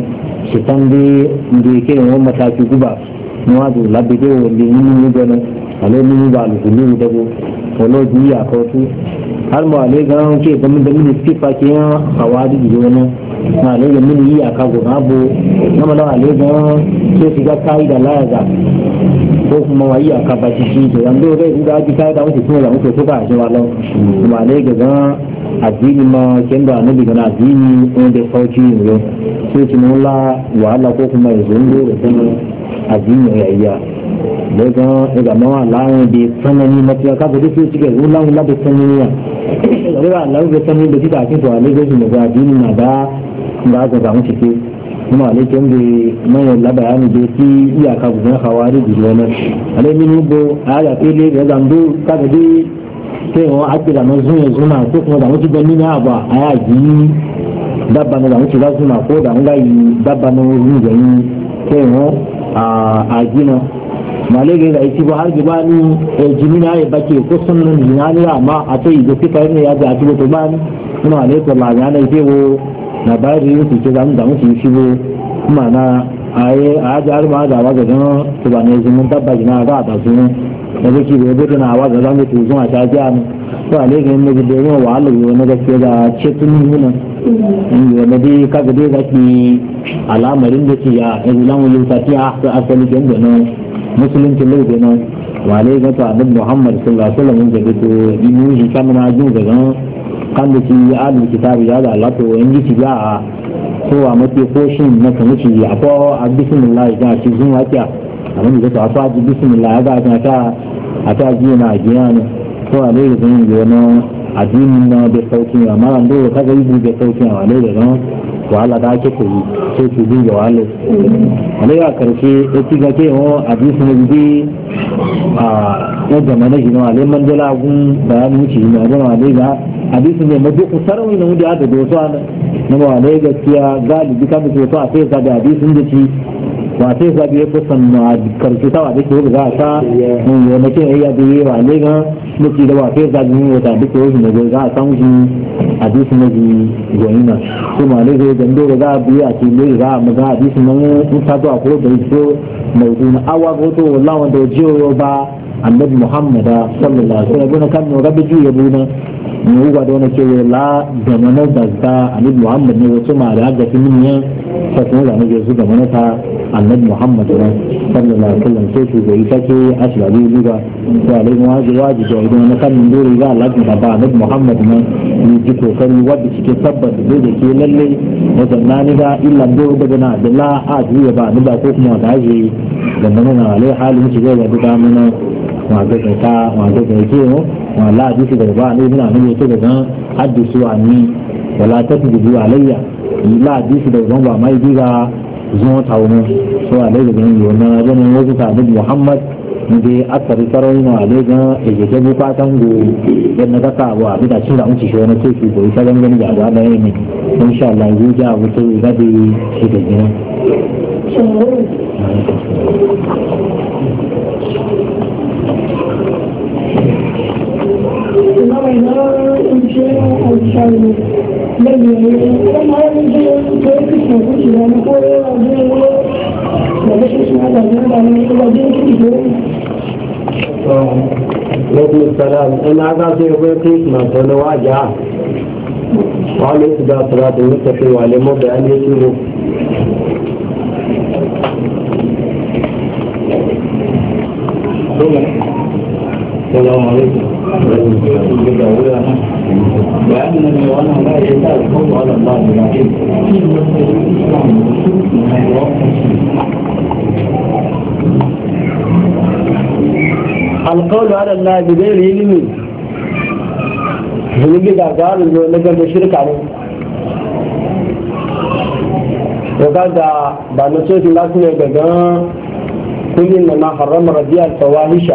shi san dai da yake yawan mataki guba níwájú lábẹ́dẹ́ wò lè nínú níbẹ̀ náà àlẹ́ nínú bá lùkù ní ìdẹ́gbò ọlọ́dún yìí àkọ́tú almọ̀ àlẹ́ gan kí ẹ̀gbọ́n mi dẹ́mí sífà kí hàn àwọn adìgbò wọn náà àlẹ́ yẹn mímu yìí àkàgò náà bo náà àlẹ́ gan kí ó ti da káyidà láyàgà ko kuma wa iya ka ba cikin ke yan do dai da ji kai da wuce kuma da wuce ko ba shi wallo kuma ne ga ga addini ma kin da annabi ga addini wanda sauki ne sai ki mulla wa Allah ko kuma yanzu ne da sanin addinin yayya daga daga mawa lawon da sanani mafiya ka ga duk cike ruwan lawon la da sanani ya daga lawon da sanani da kika kin to a lagos ne ga addini na da ga ga ga mu cike kuma alaikin da mai la bayani da shi iyaka gudun hawari da wani alaimin hubo a ya fele da zambo ka ga dai sai wa ake da nan zuwa zuma ko kuma da mutu gani na a gina malaga da aiki ba har gaba ni eh, jini na ya bake ko sun nan jina a ta yi da suka yi ne ya ga ajiye to ba ni kuma ne ko la ya ne ke wo na bayar da yin ke da musu shi bo kuma na aye a ga har ma da waga dan to ba ne jinin dabba jina ga ta su da zaki na waga zamu ta to ne da yawa ne na gaskiya da ce wanda dai kaga dai zaki al'amarin da ke ya yanzu lan wani sati a asali don da nan musulunci lai da nan wale ga abin muhammad sallallahu alaihi wasallam da to inu shi kan na jin daga kan da shi alim kitabu ya da Allah to yanzu shi ya ko a mace ko shin na kan shi akwai a bismillah ga shi zun wakiya abin da ta akwai bismillah ga ta ta a ta ji na giyana ko a lai da zan yi wani addinin na da sauƙin mara an dole kaga yi da sauƙin a ne da nan wahala da ake koyi sai su ga wahala a ne ya karshe ya ci ga ke yawan addinin na bi a ya zama na jina wale man jala gun bayan wuce na zama wale ga addinin ne mafi kusar wani na wanda a da dosa na wale gaskiya galibi kan da dosa a sai ya sa da addinin da ci wato sa biye ko fusan na karfi ta wato ko za ta ne ne ke ya biye wa ne ga muke da wato sa biye ko ta duk ko ne ga ta shi a hadisi ne ji goyina kuma ne ga dan dole ga biye a ce ne ga mu ga hadisi ne mun ta to a ko da so mawdu na awa go to wallahi wanda jiyo ba annabi muhammad ah, sallallahu alaihi wasallam kan no rabbi jiyo buna ni uwa da wani kewe la gama na zazza annabi muhammad ne wasu ma da gafi min ya ta kuma da su na ta annabi muhammad ne sallallahu alaihi wasallam sai su waji na kan dole ga Allah da ba annabi muhammad ne ni ji kokari wanda suke tabbata da da ke lalle wajen na ni ga illa da na da la a ba ni ba ko kuma da ji da nan na halin shi ga da mana ma ma ke wọn aláàdé ti dàgbà ní ìfúnà àmì tó dàgbà àdùsù àmì wọlá tẹ́tù dìbò àlẹ́yà yìí láàdé ti dàgbà wà má ibi ra zuwa taunu so àlẹ́yà gan yìí wọn náà lẹ́nu wọ́n ti ta àbí muhammad ndé akari karori náà àlẹ́ gan èyí tẹ́ bú pátán gò yẹn na kaka àbọ̀ àbí dàtí ra ń ti ṣe wọn tó fi bòyí sábẹ́ gani yàgbá lẹ́yìn mi inṣàlá yóò jẹ́ àbútó ìgbàdé ìgbàdé náà. ìlànà ìṣe àìṣàlẹ̀ lẹ́yìn ẹ̀rẹ́ ó máa ń jẹ́ pé kìsàn kò sì wọn kó rẹ́ ọdún owó lọ́dún tó sì wọ́n gbàgbé ń bá wọn kó lọ́dún tó sì السلام عليكم وأنني وأنا لا يزال الحب على الله العظيم القول على الله بغير علم ذنبي دا قال لك بشرك عليه وقال دا بعد نسوة الله سنة قال كل إنما حرم ربيع الفواحش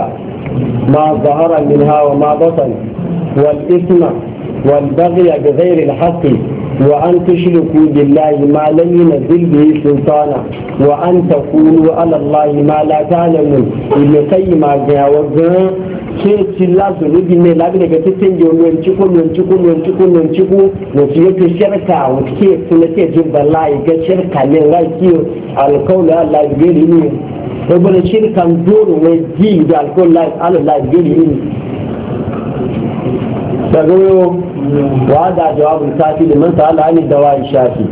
ما ظهر منها وما بطن والإثم والبغي بغير الحق وأن تشركوا بالله ما لم ينزل به سلطانا وأن تقولوا على الله ما لا تعلمون ابن قيم جاوزنا sai ci la su rubi ne labi daga cikin yoyon ciko yoyon ciko yoyon ciko yoyon ciko wasu yake shirka wasu ke suna ke jin bala'i ga shirka ne ebole shirka dole wai ji da alkol life alul life gini ne daga yau wa da jawabin kafi da man sa'ala ani dawai shafi